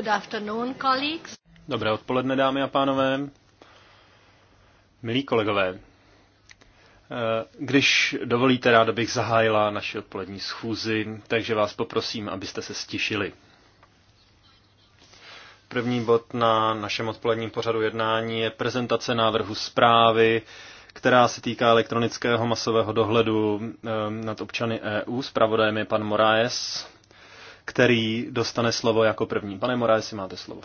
Good afternoon, colleagues. Dobré odpoledne, dámy a pánové. Milí kolegové, eh, když dovolíte, ráda bych zahájila naši odpolední schůzi, takže vás poprosím, abyste se stišili. První bod na našem odpoledním pořadu jednání je prezentace návrhu zprávy, která se týká elektronického masového dohledu eh, nad občany EU. Spravodajem je pan Moraes, který dostane slovo jako první. Pane Morá, si máte slovo.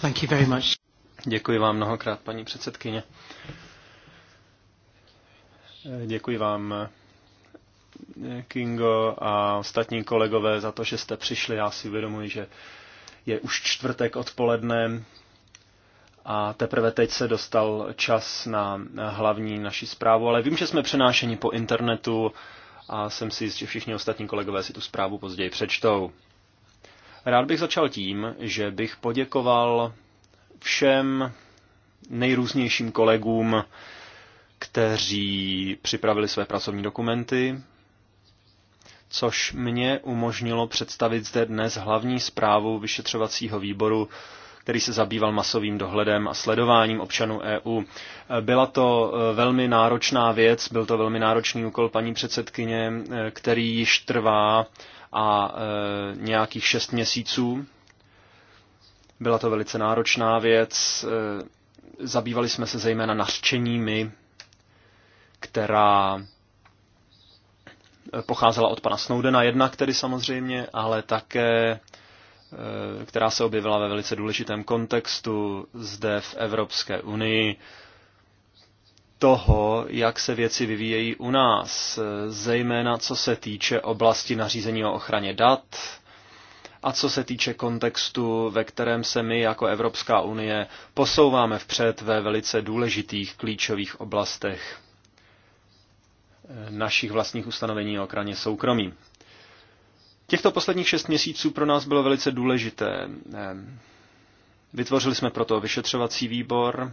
Thank you very much. Děkuji vám mnohokrát, paní předsedkyně. Děkuji vám Kingo a ostatní kolegové za to, že jste přišli. Já si uvědomuji, že je už čtvrtek odpoledne a teprve teď se dostal čas na hlavní naši zprávu, ale vím, že jsme přenášeni po internetu a jsem si jist, že všichni ostatní kolegové si tu zprávu později přečtou. Rád bych začal tím, že bych poděkoval všem nejrůznějším kolegům, kteří připravili své pracovní dokumenty, což mě umožnilo představit zde dnes hlavní zprávu vyšetřovacího výboru, který se zabýval masovým dohledem a sledováním občanů EU. Byla to eh, velmi náročná věc, byl to velmi náročný úkol paní předsedkyně, eh, který již trvá a eh, nějakých šest měsíců. Byla to velice náročná věc. Zabývali jsme se zejména nařčeními, která pocházela od pana Snowdena jedna, tedy samozřejmě, ale také eh, která se objevila ve velice důležitém kontextu zde v Evropské unii, toho, jak se věci vyvíjejí u nás, eh, zejména co se týče oblasti nařízení o ochraně dat a co se týče kontextu, ve kterém se my jako Evropská unie posouváme vpřed ve velice důležitých klíčových oblastech našich vlastních ustanovení o ochraně soukromí. Těchto posledních šest měsíců pro nás bylo velice důležité. Ehm, vytvořili jsme proto vyšetřovací výbor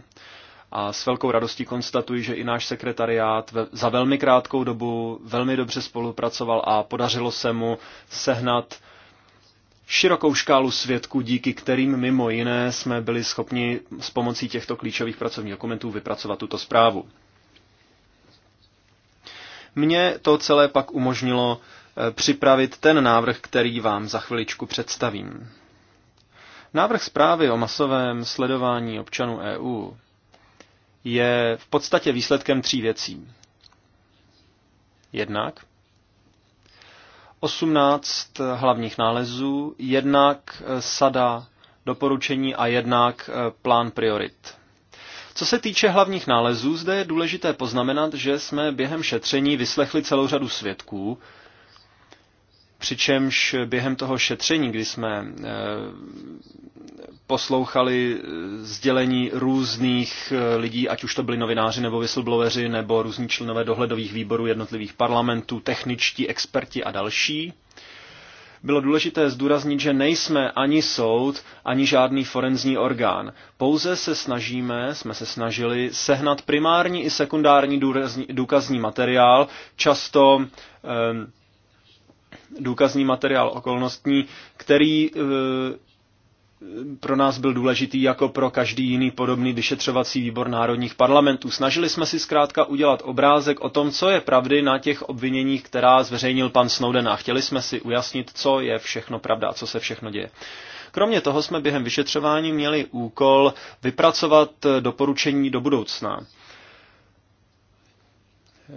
a s velkou radostí konstatuji, že i náš sekretariát za velmi krátkou dobu velmi dobře spolupracoval a podařilo se mu sehnat širokou škálu svědků, díky kterým mimo jiné jsme byli schopni s pomocí těchto klíčových pracovních dokumentů vypracovat tuto zprávu. Mně to celé pak umožnilo eh, připravit ten návrh, který vám za chviličku představím. Návrh zprávy o masovém sledování občanů EU je v podstatě výsledkem tří věcí. Jednak 18 hlavních nálezů, jednak eh, sada doporučení a jednak eh, plán priorit. Co se týče hlavních nálezů, zde je důležité poznamenat, že jsme během šetření vyslechli celou řadu svědků, přičemž během toho šetření, kdy jsme eh, poslouchali eh, sdělení různých eh, lidí, ať už to byli novináři nebo whistlebloweri, nebo různí členové dohledových výborů jednotlivých parlamentů, techničtí experti a další, bylo důležité zdůraznit, že nejsme ani soud, ani žádný forenzní orgán. Pouze se snažíme, jsme se snažili sehnat primární i sekundární důrazní, důkazní materiál, často eh, důkazní materiál okolnostní, který eh, pro nás byl důležitý jako pro každý jiný podobný vyšetřovací výbor národních parlamentů. Snažili jsme si zkrátka udělat obrázek o tom, co je pravdy na těch obviněních, která zveřejnil pan Snowden a chtěli jsme si ujasnit, co je všechno pravda a co se všechno děje. Kromě toho jsme během vyšetřování měli úkol vypracovat doporučení do budoucna.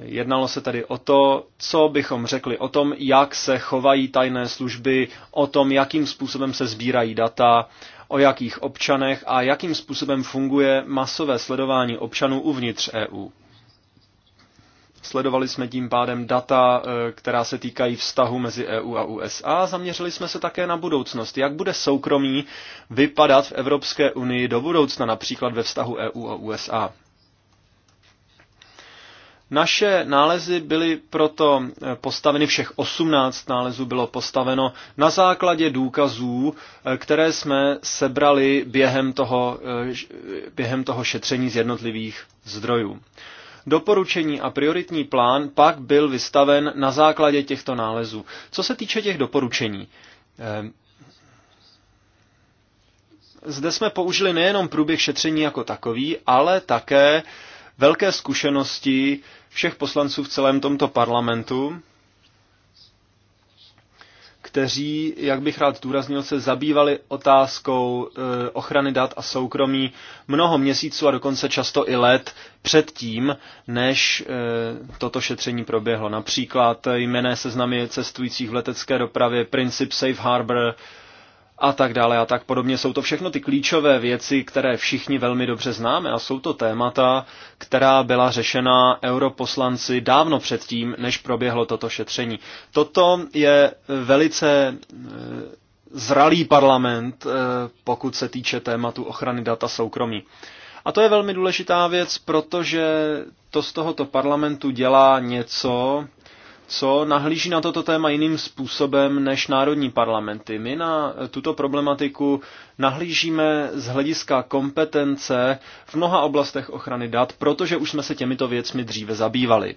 Jednalo se tedy o to, co bychom řekli o tom, jak se chovají tajné služby, o tom, jakým způsobem se sbírají data, o jakých občanech a jakým způsobem funguje masové sledování občanů uvnitř EU. Sledovali jsme tím pádem data, eh, která se týkají vztahu mezi EU a USA. Zaměřili jsme se také na budoucnost. Jak bude soukromí vypadat v Evropské unii do budoucna, například ve vztahu EU a USA? Naše nálezy byly proto eh, postaveny, všech 18 nálezů bylo postaveno na základě důkazů, eh, které jsme sebrali během toho, eh, během toho šetření z jednotlivých zdrojů. Doporučení a prioritní plán pak byl vystaven na základě těchto nálezů. Co se týče těch doporučení, zde jsme použili nejenom průběh šetření jako takový, ale také velké zkušenosti všech poslanců v celém tomto parlamentu, kteří, jak bych rád důraznil, se zabývali otázkou eh, ochrany dat a soukromí mnoho měsíců a dokonce často i let před tím, než eh, toto šetření proběhlo. Například jmené seznamy cestujících v letecké dopravě, princip Safe Harbor, a tak dále a tak podobně. Jsou to všechno ty klíčové věci, které všichni velmi dobře známe a jsou to témata, která byla řešena europoslanci dávno předtím, než proběhlo toto šetření. Toto je e, velice e, zralý parlament, e, pokud se týče tématu ochrany data soukromí. A to je velmi důležitá věc, protože to z tohoto parlamentu dělá něco, co nahlíží na toto téma jiným způsobem než národní parlamenty. My na tuto problematiku nahlížíme z hlediska kompetence v mnoha oblastech ochrany dat, protože už jsme se těmito věcmi dříve zabývali.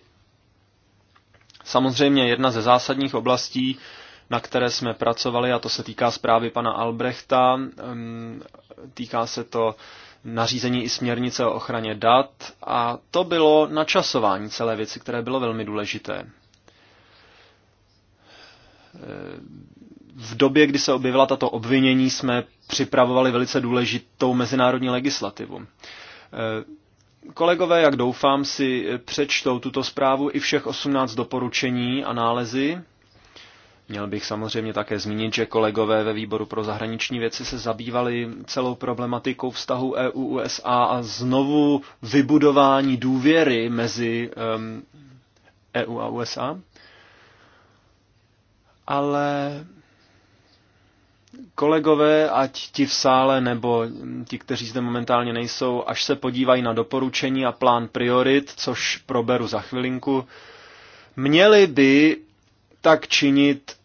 Samozřejmě jedna ze zásadních oblastí, na které jsme pracovali, a to se týká zprávy pana Albrechta, týká se to nařízení i směrnice o ochraně dat a to bylo načasování celé věci, které bylo velmi důležité v době, kdy se objevila tato obvinění, jsme připravovali velice důležitou mezinárodní legislativu. Kolegové, jak doufám, si přečtou tuto zprávu i všech 18 doporučení a nálezy. Měl bych samozřejmě také zmínit, že kolegové ve výboru pro zahraniční věci se zabývali celou problematikou vztahu EU-USA a znovu vybudování důvěry mezi EU ehm, e a USA ale kolegové, ať ti v sále nebo ti, kteří zde momentálně nejsou, až se podívají na doporučení a plán priorit, což proberu za chvilinku, měli by tak činit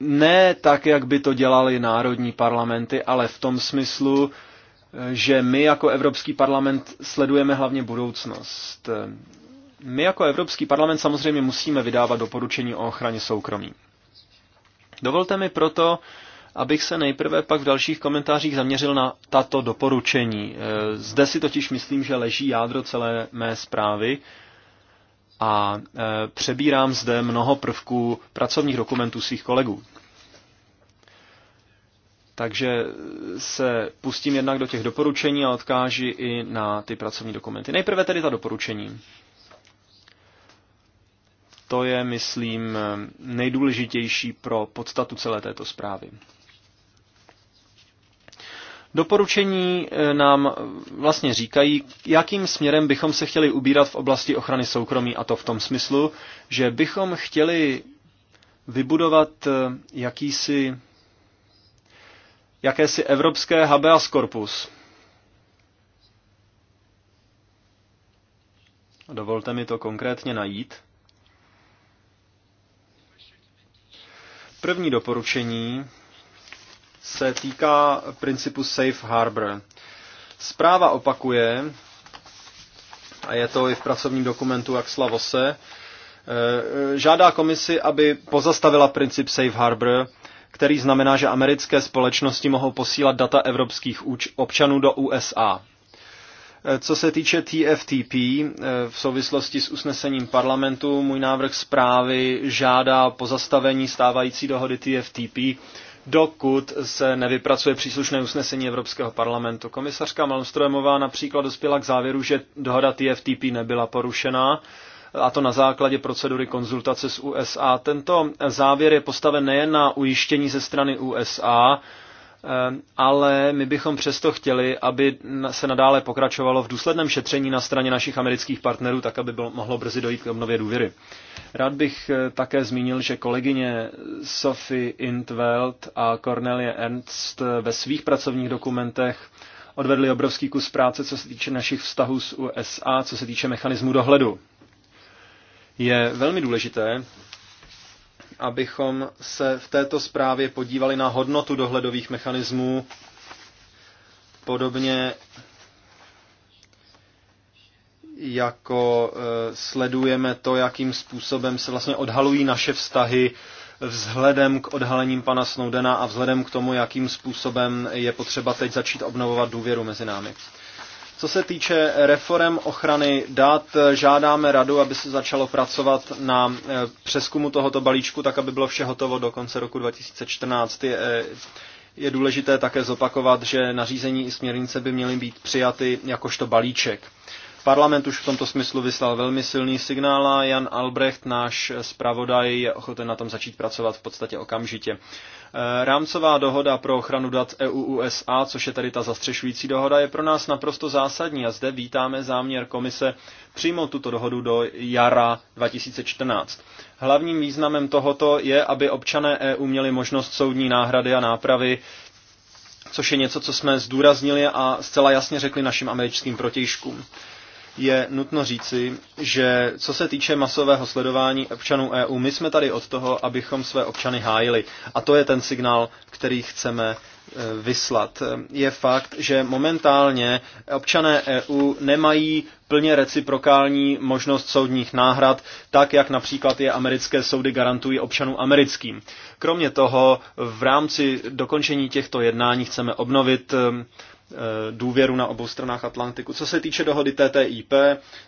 ne tak, jak by to dělali národní parlamenty, ale v tom smyslu, že my jako Evropský parlament sledujeme hlavně budoucnost. My jako Evropský parlament samozřejmě musíme vydávat doporučení o ochraně soukromí. Dovolte mi proto, abych se nejprve pak v dalších komentářích zaměřil na tato doporučení. Eh, zde si totiž myslím, že leží jádro celé mé zprávy a eh, přebírám zde mnoho prvků pracovních dokumentů svých kolegů. Takže se pustím jednak do těch doporučení a odkáži i na ty pracovní dokumenty. Nejprve tedy ta doporučení to je, myslím, nejdůležitější pro podstatu celé této zprávy. Doporučení eh, nám vlastně říkají, jakým směrem bychom se chtěli ubírat v oblasti ochrany soukromí, a to v tom smyslu, že bychom chtěli vybudovat eh, jakýsi, jakési evropské habeas corpus. Dovolte mi to konkrétně najít. První doporučení se týká principu safe harbor. Zpráva opakuje, a je to i v pracovním dokumentu Axla Vose, eh, žádá komisi, aby pozastavila princip safe harbor, který znamená, že americké společnosti mohou posílat data evropských občanů do USA. Eh, co se týče TFTP, eh, v souvislosti s usnesením parlamentu, můj návrh zprávy žádá pozastavení stávající dohody TFTP, dokud se nevypracuje příslušné usnesení Evropského parlamentu. Komisařka Malmströmová například dospěla k závěru, že dohoda TFTP nebyla porušená, a to na základě procedury konzultace s USA. Tento závěr je postaven nejen na ujištění ze strany USA, Ehm, ale my bychom přesto chtěli, aby se nadále pokračovalo v důsledném šetření na straně našich amerických partnerů, tak aby bylo, mohlo brzy dojít k obnově důvěry. Rád bych eh, také zmínil, že kolegyně Sophie Intveld a Cornelia Ernst ve svých pracovních dokumentech odvedli obrovský kus práce, co se týče našich vztahů s USA, co se týče mechanismu dohledu. Je velmi důležité, abychom se v této zprávě podívali na hodnotu dohledových mechanismů, podobně jako e, sledujeme to, jakým způsobem se vlastně odhalují naše vztahy vzhledem k odhalením pana Snowdena a vzhledem k tomu, jakým způsobem je potřeba teď začít obnovovat důvěru mezi námi. Co se týče reform ochrany dat, žádáme radu, aby se začalo pracovat na eh, přeskumu tohoto balíčku, tak aby bylo vše hotovo do konce roku 2014. Je, eh, je důležité také zopakovat, že nařízení i směrnice by měly být přijaty jakožto balíček. Parlament už v tomto smyslu vyslal velmi silný signál a Jan Albrecht, náš zpravodaj, je ochoten na tom začít pracovat v podstatě okamžitě. Eh, rámcová dohoda pro ochranu dat EU-USA, což je tady ta zastřešující dohoda, je pro nás naprosto zásadní a zde vítáme záměr komise přijmout tuto dohodu do jara 2014. Hlavním významem tohoto je, aby občané EU měli možnost soudní náhrady a nápravy což je něco, co jsme zdůraznili a zcela jasně řekli našim americkým protějškům je nutno říci, že co se týče masového sledování občanů EU, my jsme tady od toho, abychom své občany hájili. A to je ten signál, který chceme e, vyslat. Je fakt, že momentálně občané EU nemají plně reciprokální možnost soudních náhrad, tak jak například je americké soudy garantují občanům americkým. Kromě toho v rámci dokončení těchto jednání chceme obnovit e, Eh, důvěru na obou stranách Atlantiku. Co se týče dohody TTIP,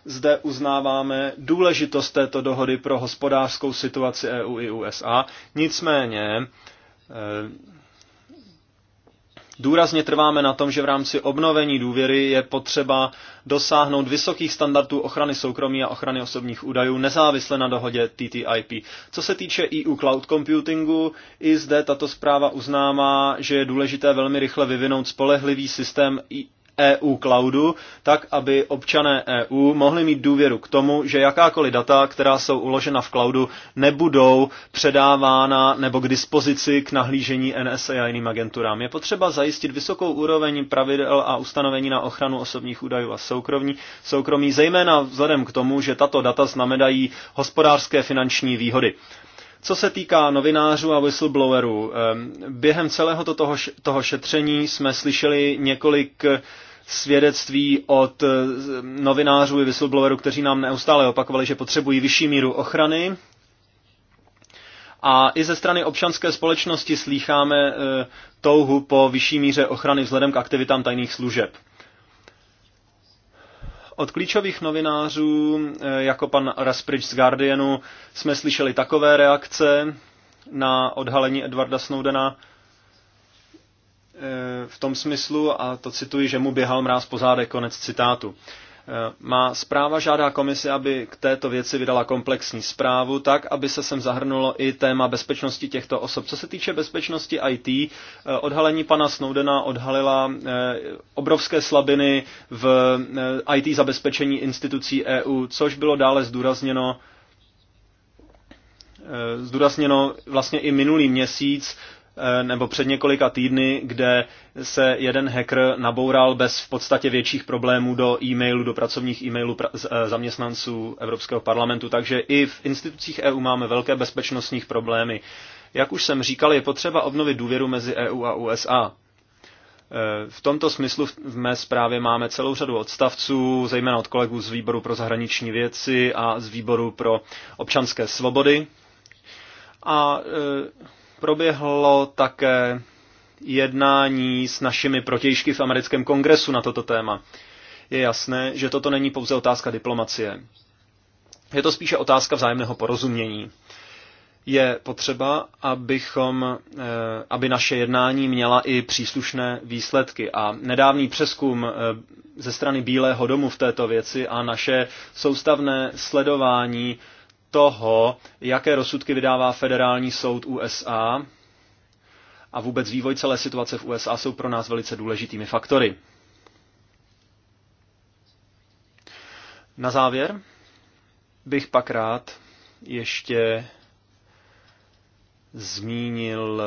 zde uznáváme důležitost této dohody pro hospodářskou situaci EU i USA. Nicméně eh, Důrazně trváme na tom, že v rámci obnovení důvěry je potřeba dosáhnout vysokých standardů ochrany soukromí a ochrany osobních údajů nezávisle na dohodě TTIP. Co se týče EU cloud computingu, i zde tato zpráva uznává, že je důležité velmi rychle vyvinout spolehlivý systém EU Cloudu, tak aby občané EU mohli mít důvěru k tomu, že jakákoliv data, která jsou uložena v cloudu, nebudou předávána nebo k dispozici k nahlížení NSA a jiným agenturám. Je potřeba zajistit vysokou úroveň pravidel a ustanovení na ochranu osobních údajů a soukromí, soukromí zejména vzhledem k tomu, že tato data znamenají hospodářské finanční výhody. Co se týká novinářů a whistleblowerů, eh, během celého toho, šetření jsme slyšeli několik eh, svědectví od eh, novinářů i whistleblowerů, kteří nám neustále opakovali, že potřebují vyšší míru ochrany. A i ze strany občanské společnosti slýcháme touhu po vyšší míře ochrany vzhledem k aktivitám tajných služeb. Od klíčových novinářů, eh, jako pan Raspridge z Guardianu, jsme slyšeli takové reakce na odhalení Edwarda Snowdena eh, v tom smyslu, a to cituji, že mu běhal mráz po zádech, konec citátu. Eh, má zpráva žádá komisi, aby k této věci vydala komplexní zprávu, tak, aby se sem zahrnulo i téma bezpečnosti těchto osob. Co se týče bezpečnosti IT, eh, odhalení pana Snowdena odhalila eh, obrovské slabiny v IT zabezpečení institucí EU, což bylo dále zdůrazněno zdůrazněno vlastně i minulý měsíc Eh, nebo před několika týdny, kde se jeden hacker naboural bez v podstatě větších problémů do e-mailu, do pracovních e-mailů eh, zaměstnanců Evropského parlamentu. Takže i v institucích EU máme velké bezpečnostní problémy. Jak už jsem říkal, je potřeba obnovit důvěru mezi EU a USA. Eh, v tomto smyslu v mé zprávě máme celou řadu odstavců, zejména od kolegů z výboru pro zahraniční věci a z výboru pro občanské svobody. A Proběhlo také jednání s našimi protějšky v americkém kongresu na toto téma. Je jasné, že toto není pouze otázka diplomacie. Je to spíše otázka vzájemného porozumění. Je potřeba, abychom, eh, aby naše jednání měla i příslušné výsledky. A nedávný přeskum eh, ze strany Bílého domu v této věci a naše soustavné sledování toho, jaké rozsudky vydává federální soud USA a vůbec vývoj celé situace v USA jsou pro nás velice důležitými faktory. Na závěr bych pak rád ještě zmínil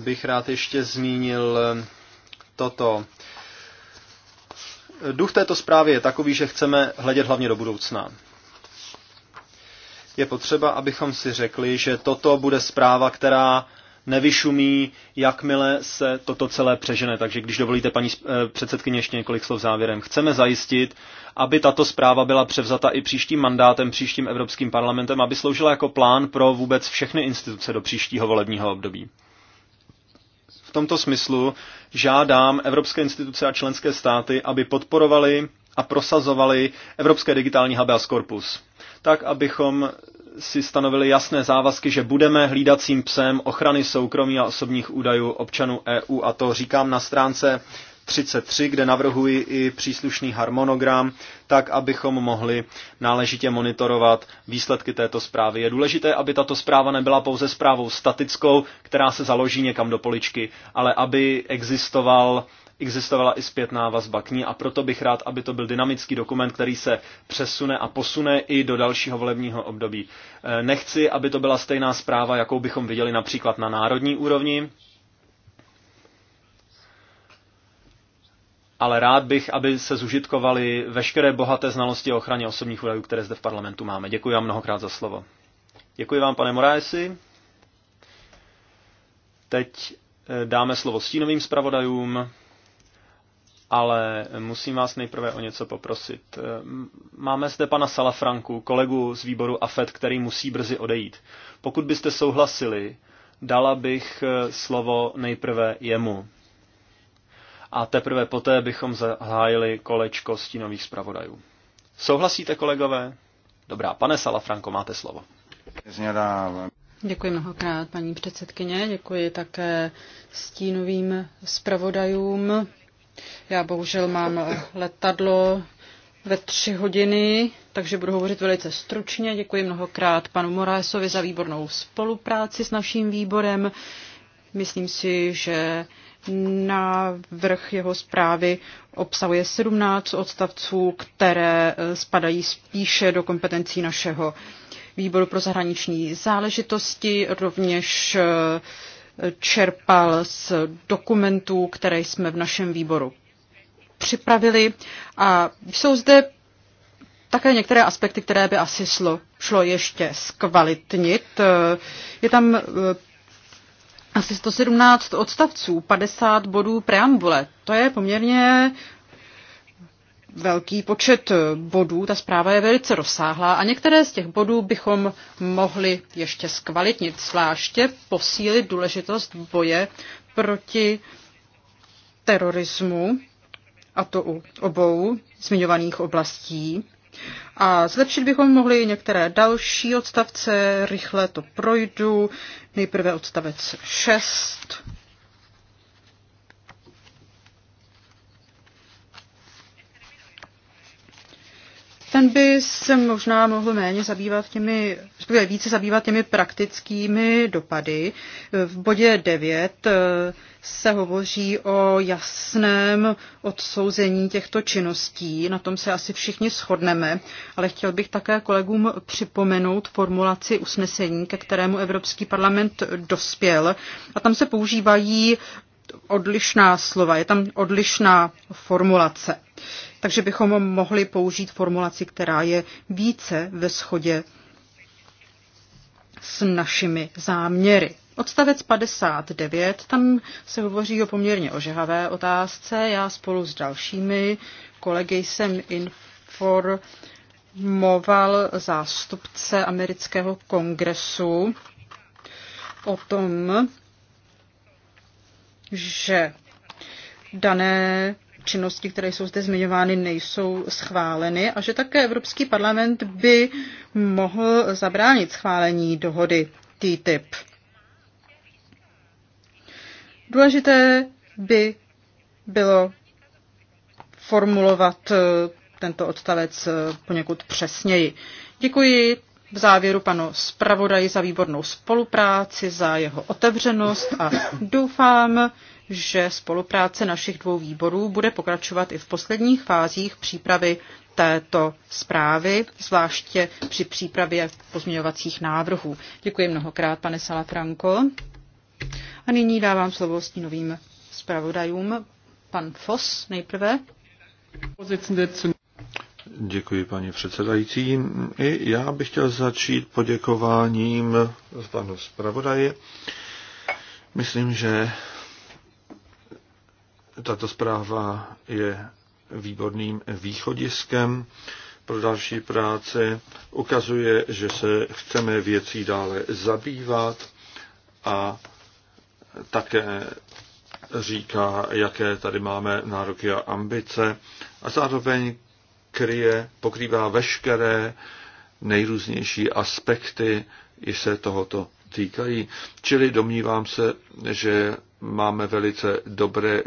bych rád ještě zmínil toto. Duch této zprávy je takový, že chceme hledět hlavně do budoucna. Je potřeba, abychom si řekli, že toto bude zpráva, která nevyšumí, jakmile se toto celé přežene. Takže když dovolíte, paní eh, předsedkyně, ještě několik slov závěrem. Chceme zajistit, aby tato zpráva byla převzata i příštím mandátem, příštím Evropským parlamentem, aby sloužila jako plán pro vůbec všechny instituce do příštího volebního období v tomto smyslu žádám evropské instituce a členské státy, aby podporovali a prosazovali Evropské digitální habeas corpus, tak abychom si stanovili jasné závazky, že budeme hlídacím psem ochrany soukromí a osobních údajů občanů EU a to říkám na stránce 33, kde navrhuji i příslušný harmonogram, tak abychom mohli náležitě monitorovat výsledky této zprávy. Je důležité, aby tato zpráva nebyla pouze zprávou statickou, která se založí někam do poličky, ale aby existoval existovala i zpětná vazba k ní a proto bych rád, aby to byl dynamický dokument, který se přesune a posune i do dalšího volebního období. E, nechci, aby to byla stejná zpráva, jakou bychom viděli například na národní úrovni, ale rád bych, aby se zužitkovaly veškeré bohaté znalosti o ochraně osobních údajů, které zde v parlamentu máme. Děkuji vám mnohokrát za slovo. Děkuji vám, pane Moraesi. Teď eh, dáme slovo stínovým zpravodajům, ale musím vás nejprve o něco poprosit. Eh, máme zde pana Salafranku, kolegu z výboru AFED, který musí brzy odejít. Pokud byste souhlasili, dala bych eh, slovo nejprve jemu a teprve poté bychom zahájili kolečko stínových zpravodajů. Souhlasíte, kolegové? Dobrá, pane Salafranko, máte slovo. Děkuji mnohokrát, paní předsedkyně. Děkuji také stínovým zpravodajům. Já bohužel mám letadlo ve tři hodiny, takže budu hovořit velice stručně. Děkuji mnohokrát panu Morásovi za výbornou spolupráci s naším výborem. Myslím si, že Návrh jeho zprávy obsahuje 17 odstavců, které eh, spadají spíše do kompetencí našeho výboru pro zahraniční záležitosti. Rovněž eh, čerpal z dokumentů, které jsme v našem výboru připravili. A jsou zde také některé aspekty, které by asi šlo, šlo ještě zkvalitnit. Eh, je tam asi 117 odstavců, 50 bodů preambule. To je poměrně velký počet bodů, ta zpráva je velice rozsáhlá a některé z těch bodů bychom mohli ještě zkvalitnit, zvláště posílit důležitost boje proti terorismu, a to u obou zmiňovaných oblastí. A zlepšit bychom mohli některé další odstavce, rychle to projdu. Nejprve odstavec 6. ten by se možná mohl méně zabývat těmi, více zabývat těmi praktickými dopady. V bodě 9 eh, se hovoří o jasném odsouzení těchto činností. Na tom se asi všichni shodneme, ale chtěl bych také kolegům připomenout formulaci usnesení, ke kterému Evropský parlament dospěl. A tam se používají odlišná slova, je tam odlišná formulace. Takže bychom mohli použít formulaci, která je více ve shodě s našimi záměry. Odstavec 59, tam se hovoří o poměrně ožehavé otázce. Já spolu s dalšími kolegy jsem informoval zástupce amerického kongresu o tom, že dané činnosti, které jsou zde zmiňovány, nejsou schváleny a že také Evropský parlament by mohl zabránit schválení dohody TTIP. Důležité by bylo formulovat eh, tento odstavec eh, poněkud přesněji. Děkuji v závěru panu zpravodaji za výbornou spolupráci, za jeho otevřenost a doufám, že spolupráce našich dvou výborů bude pokračovat i v posledních fázích přípravy této zprávy, zvláště při přípravě pozměňovacích návrhů. Děkuji mnohokrát, pane Salafranko. A nyní dávám slovo s novým zpravodajům. Pan Fos nejprve. Děkuji, paní předsedající. I já bych chtěl začít poděkováním panu zpravodaji. Myslím, že tato zpráva je výborným východiskem pro další práci. Ukazuje, že se chceme věcí dále zabývat a také říká, jaké tady máme nároky a ambice a zároveň kryje, pokrývá veškeré nejrůznější aspekty, i se tohoto týkají. Čili domnívám se, že máme velice dobré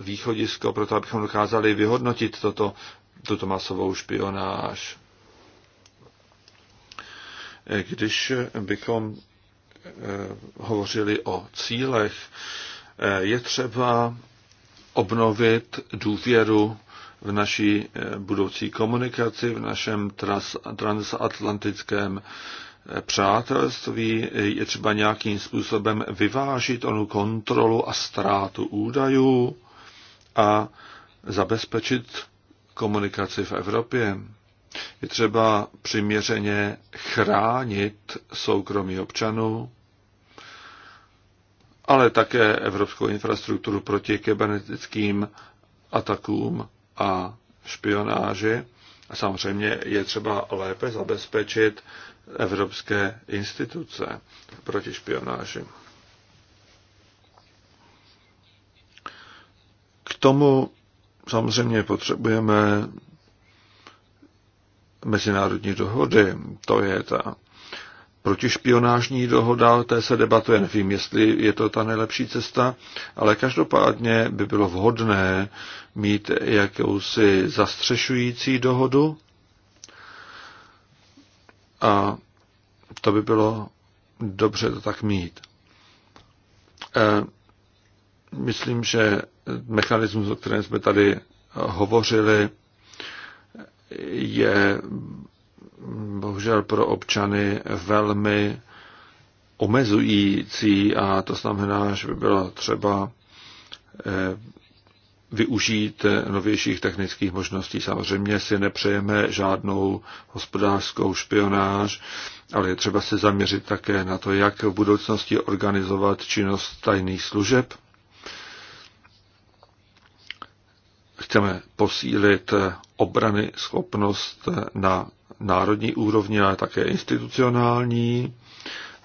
východisko pro to, abychom dokázali vyhodnotit toto, tuto masovou špionáž. Když bychom eh, hovořili o cílech, eh, je třeba obnovit důvěru v naší eh, budoucí komunikaci, v našem trans, transatlantickém eh, přátelství je třeba nějakým způsobem vyvážit onu kontrolu a ztrátu údajů a zabezpečit komunikaci v Evropě. Je třeba přiměřeně chránit soukromí občanů, ale také evropskou infrastrukturu proti kybernetickým atakům a špionáži. A samozřejmě je třeba lépe zabezpečit evropské instituce proti špionáži. K tomu samozřejmě potřebujeme mezinárodní dohody. To je ta protišpionážní dohoda, té se debatuje, nevím, jestli je to ta nejlepší cesta, ale každopádně by bylo vhodné mít jakousi zastřešující dohodu a to by bylo dobře to tak mít. E, myslím, že mechanismus, o kterém jsme tady hovořili, je bohužel pro občany velmi omezující a to znamená, že by bylo třeba eh, využít novějších technických možností. Samozřejmě si nepřejeme žádnou hospodářskou špionáž, ale je třeba se zaměřit také na to, jak v budoucnosti organizovat činnost tajných služeb. Chceme posílit obrany schopnost na národní úrovni, ale také institucionální.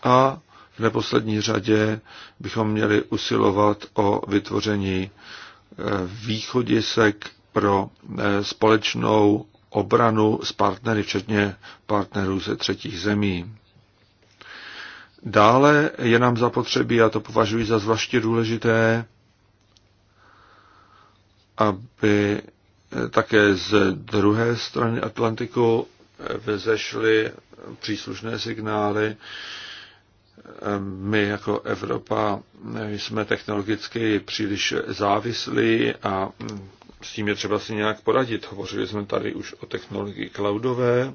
A v neposlední řadě bychom měli usilovat o vytvoření eh, východisek pro eh, společnou obranu s partnery, včetně partnerů ze třetích zemí. Dále je nám zapotřebí, a to považuji za zvláště důležité, aby eh, také z druhé strany Atlantiku vzešly příslušné signály. My jako Evropa jsme technologicky příliš závislí a s tím je třeba si nějak poradit. Hovořili jsme tady už o technologii cloudové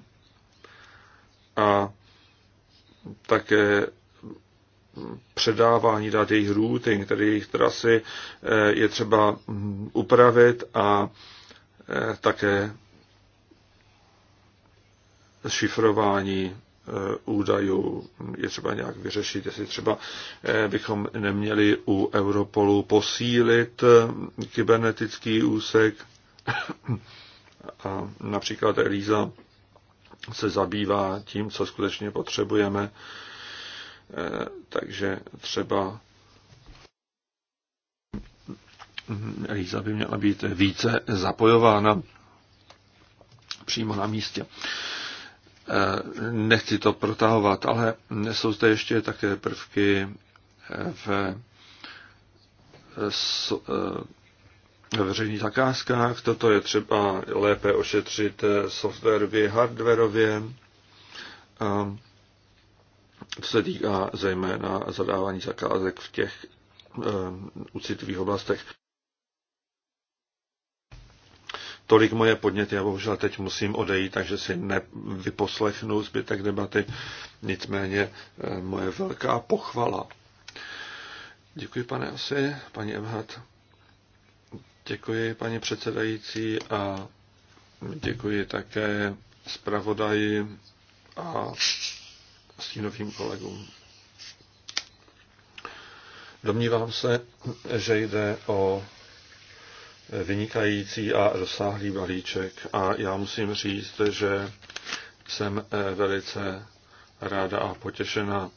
a také předávání dat, jejich routing, tedy jejich trasy, je třeba upravit a také šifrování eh, údajů je třeba nějak vyřešit, jestli třeba eh, bychom neměli u Europolu posílit eh, kybernetický úsek. A například Elíza se zabývá tím, co skutečně potřebujeme, takže třeba hm, Elíza by měla být více zapojována přímo na místě. Eh, nechci to protahovat, ale jsou zde ještě také prvky eh, v eh, veřejných zakázkách. Toto je třeba lépe ošetřit softwarově, hardwarově. To se týká zejména zadávání zakázek v těch ucitlivých oblastech. Tolik moje podněty, já bohužel teď musím odejít, takže si nevyposlechnu zbytek debaty, nicméně eh, moje velká pochvala. Děkuji, pane Asi, paní Emhat. Děkuji, paní předsedající, a děkuji také zpravodaji a stínovým kolegům. Domnívám se, že jde o vynikající a rozsáhlý balíček a já musím říct, že jsem eh, velice ráda a potěšena,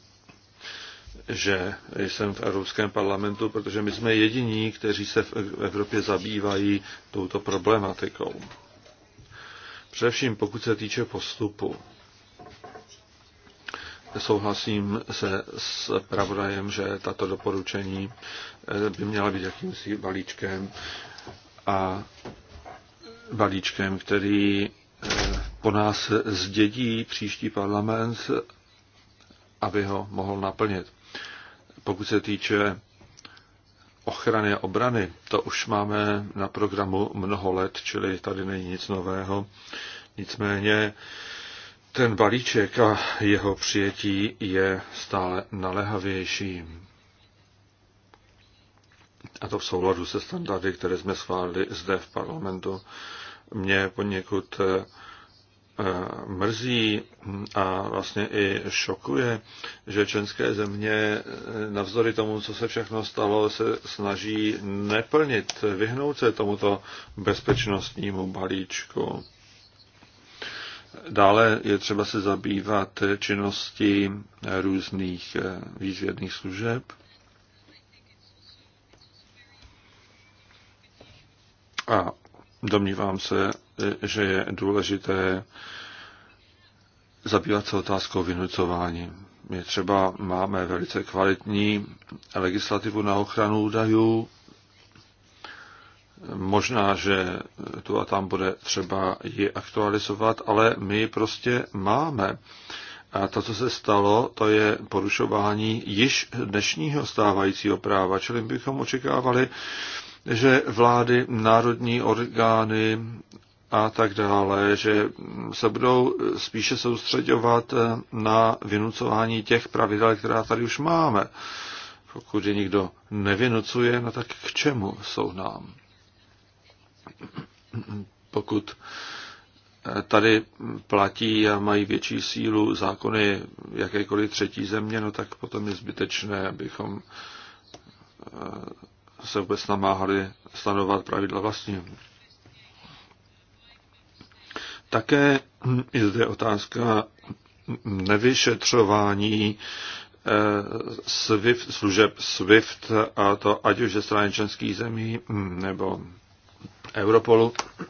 že jsem v Evropském parlamentu, protože my jsme jediní, kteří se v Evropě zabývají touto problematikou. Především pokud se týče postupu. Souhlasím se s pravodajem, že tato doporučení eh, by měla být jakýmsi balíčkem a balíčkem, který eh, po nás zdědí příští parlament, aby ho mohl naplnit. Pokud se týče ochrany a obrany, to už máme na programu mnoho let, čili tady není nic nového. Nicméně ten balíček a jeho přijetí je stále nalehavějším a to v souladu se standardy, které jsme schválili zde v parlamentu, mě poněkud eh, eh, mrzí a vlastně i šokuje, že členské země eh, navzdory tomu, co se všechno stalo, se snaží neplnit, vyhnout se tomuto bezpečnostnímu balíčku. Dále je třeba se zabývat činností různých výzvědných služeb. A domnívám se, že je důležité zabývat se otázkou vynucování. My třeba máme velice kvalitní legislativu na ochranu údajů. Možná, že tu a tam bude třeba ji aktualizovat, ale my prostě máme. A to, co se stalo, to je porušování již dnešního stávajícího práva, čili bychom očekávali, že vlády, národní orgány a tak dále, že se budou spíše soustředovat na vynucování těch pravidel, která tady už máme. Pokud je nikdo nevynucuje, no tak k čemu jsou nám? Pokud tady platí a mají větší sílu zákony jakékoliv třetí země, no tak potom je zbytečné, abychom se vůbec namáhali stanovat pravidla vlastního. Také je zde otázka nevyšetřování eh, SWIFT, služeb SWIFT, a to ať už ze strany členských zemí mm, nebo Europolu. Eh,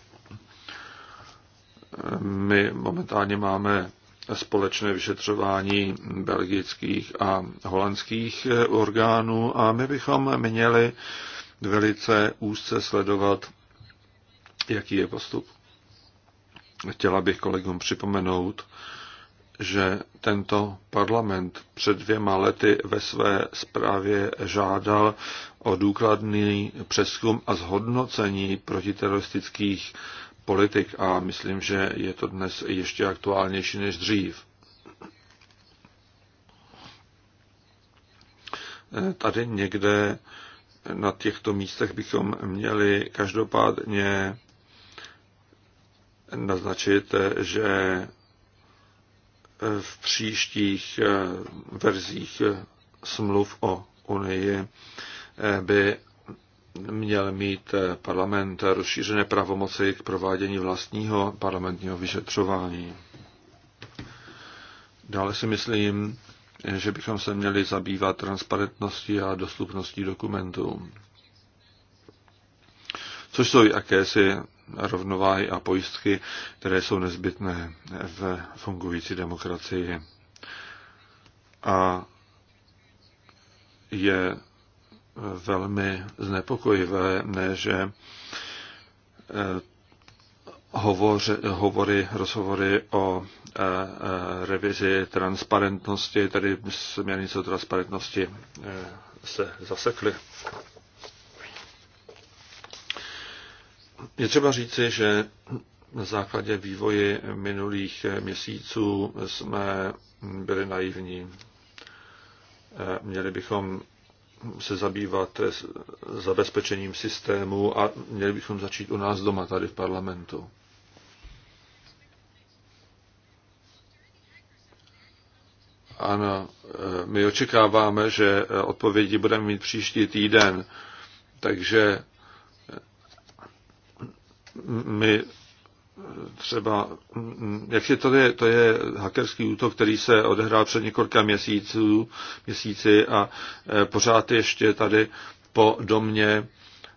my momentálně máme společné vyšetřování belgických a holandských orgánů a my bychom měli velice úzce sledovat, jaký je postup. Chtěla bych kolegům připomenout, že tento parlament před dvěma lety ve své zprávě žádal o důkladný přeskum a zhodnocení protiteroristických politik a myslím, že je to dnes ještě aktuálnější než dřív. Tady někde na těchto místech bychom měli každopádně naznačit, že v příštích verzích smluv o Unii by měl mít eh, parlament rozšířené pravomoci k provádění vlastního parlamentního vyšetřování. Dále si myslím, že bychom se měli zabývat transparentností a dostupností dokumentů, což jsou jakési rovnováhy a pojistky, které jsou nezbytné v fungující demokracii. A je velmi znepokojivé, ne, že eh, hovoř, hovory, rozhovory o eh, eh, revizi transparentnosti, tedy směrnice o transparentnosti se zasekly. Je třeba říci, že na základě vývoji minulých měsíců jsme byli naivní. Měli bychom se zabývat eh, zabezpečením systému a měli bychom začít u nás doma tady v parlamentu. Ano, eh, my očekáváme, že eh, odpovědi budeme mít příští týden, takže my třeba, jak si to, je, to je hackerský útok, který se odehrál před několika měsíců, měsíci a eh, pořád ještě tady po domě,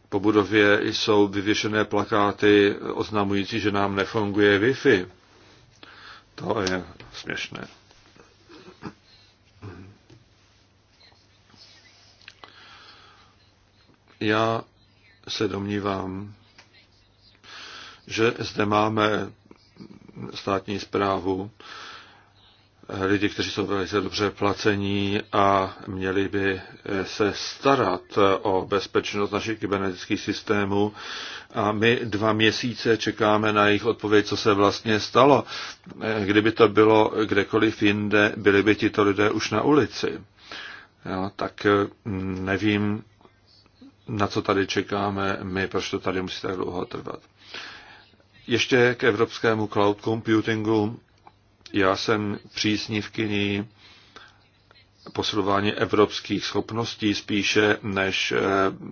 po budově jsou vyvěšené plakáty oznamující, že nám nefunguje Wi-Fi. To je směšné. Já se domnívám, že zde máme státní zprávu, eh, lidi, kteří jsou velice dobře placení a měli by eh, se starat eh, o bezpečnost našich kybernetických systémů. A my dva měsíce čekáme na jejich odpověď, co se vlastně stalo. Kdyby to bylo kdekoliv jinde, byli by tito lidé už na ulici. Jo, tak nevím, na co tady čekáme my, proč to tady musí tak dlouho trvat. Ještě k evropskému cloud computingu. Já jsem příznivkyní posilování evropských schopností spíše než eh,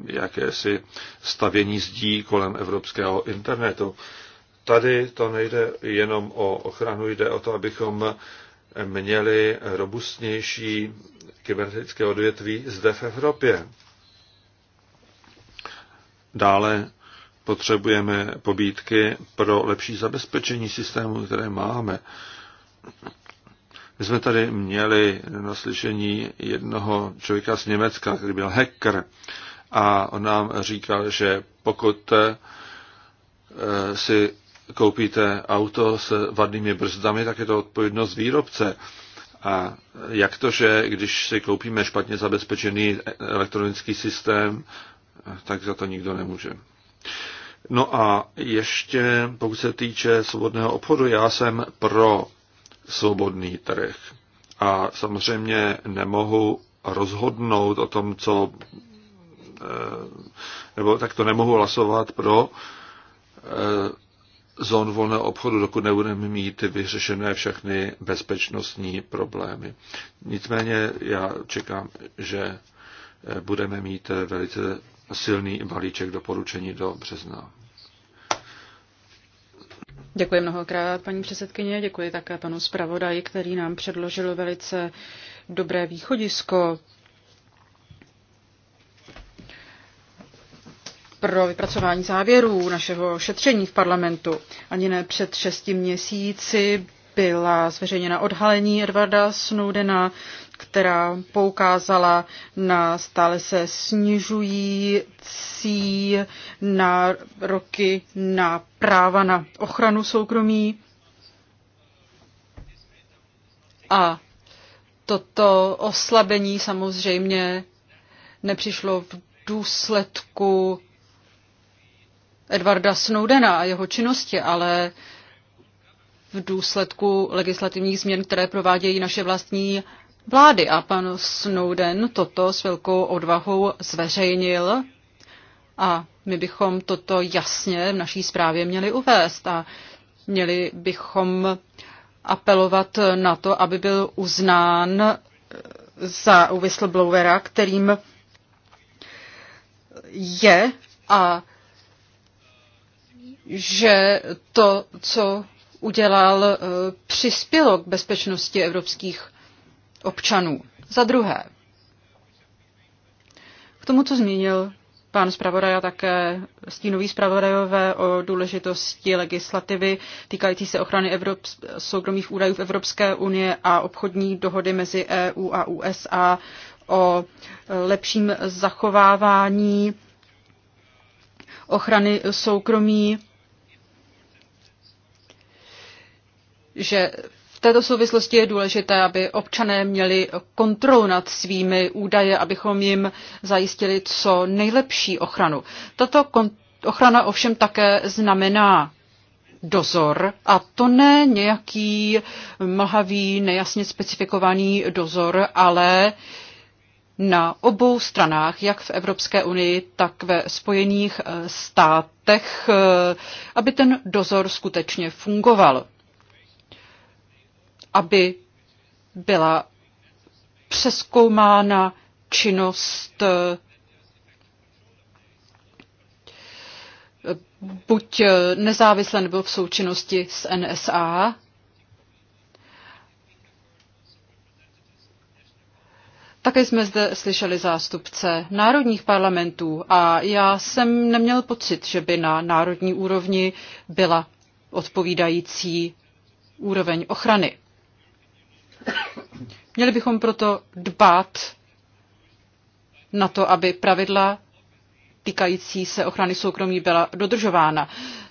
jakési stavění zdí kolem evropského internetu. Tady to nejde jenom o ochranu, jde o to, abychom měli robustnější kybernetické odvětví zde v Evropě. Dále potřebujeme pobídky pro lepší zabezpečení systému, které máme. My jsme tady měli na slyšení jednoho člověka z Německa, který byl hacker a on nám říkal, že pokud eh, si koupíte auto s vadnými brzdami, tak je to odpovědnost výrobce. A jak to, že když si koupíme špatně zabezpečený elektronický systém, tak za to nikdo nemůže. No a ještě, pokud se týče svobodného obchodu, já jsem pro svobodný trh. A samozřejmě nemohu rozhodnout o tom, co eh, nebo tak to nemohu hlasovat pro eh, zón volného obchodu, dokud nebudeme mít vyřešené všechny bezpečnostní problémy. Nicméně já čekám, že eh, budeme mít velice silný balíček doporučení do března. Děkuji mnohokrát, paní předsedkyně, děkuji také panu zpravodaji, který nám předložil velice dobré východisko pro vypracování závěrů našeho šetření v parlamentu. Ani ne před šesti měsíci byla zveřejněna odhalení Edvarda Snowdena, která poukázala na stále se snižující roky na práva na ochranu soukromí. A toto oslabení samozřejmě nepřišlo v důsledku Edwarda Snowdena a jeho činnosti, ale v důsledku legislativních změn, které provádějí naše vlastní vlády a pan Snowden toto s velkou odvahou zveřejnil a my bychom toto jasně v naší zprávě měli uvést a měli bychom apelovat na to, aby byl uznán za whistleblowera, kterým je a že to, co udělal, eh, přispělo k bezpečnosti evropských občanů. Za druhé, k tomu, co zmínil pán zpravodaj a také stínový zpravodajové o důležitosti legislativy týkající se ochrany Evrop, soukromých údajů v Evropské unie a obchodní dohody mezi EU a USA o lepším zachovávání ochrany soukromí, že v této souvislosti je důležité, aby občané měli kontrolu nad svými údaje, abychom jim zajistili co nejlepší ochranu. Tato ochrana ovšem také znamená dozor, a to ne nějaký mlhavý, nejasně specifikovaný dozor, ale na obou stranách, jak v Evropské unii, tak ve Spojených státech, aby ten dozor skutečně fungoval aby byla přeskoumána činnost eh, buď nezávisle nebo v součinnosti s NSA. Také jsme zde slyšeli zástupce národních parlamentů a já jsem neměl pocit, že by na národní úrovni byla odpovídající úroveň ochrany. Měli bychom proto dbát na to, aby pravidla týkající se ochrany soukromí byla dodržována.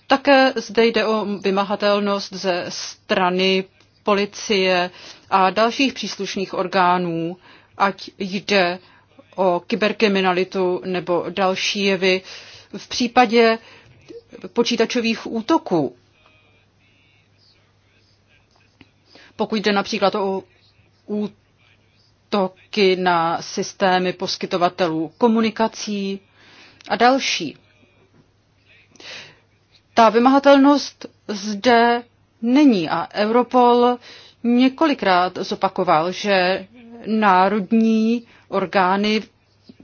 Také zde jde o vymahatelnost ze strany policie a dalších příslušných orgánů, ať jde o kyberkriminalitu nebo další jevy. V případě počítačových útoků pokud jde například o útoky na systémy poskytovatelů komunikací a další. Ta vymahatelnost zde není a Europol několikrát zopakoval, že národní orgány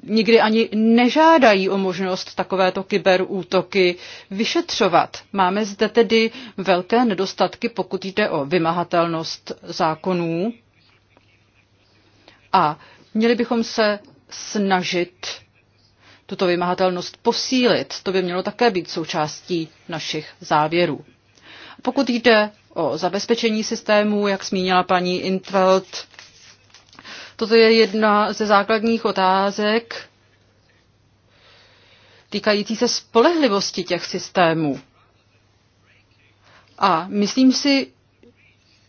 nikdy ani nežádají o možnost takovéto kyberútoky vyšetřovat. Máme zde tedy velké nedostatky, pokud jde o vymahatelnost zákonů a měli bychom se snažit tuto vymahatelnost posílit. To by mělo také být součástí našich závěrů. Pokud jde o zabezpečení systému, jak zmínila paní Intveld, Toto je jedna ze základních otázek týkající se spolehlivosti těch systémů. A myslím si,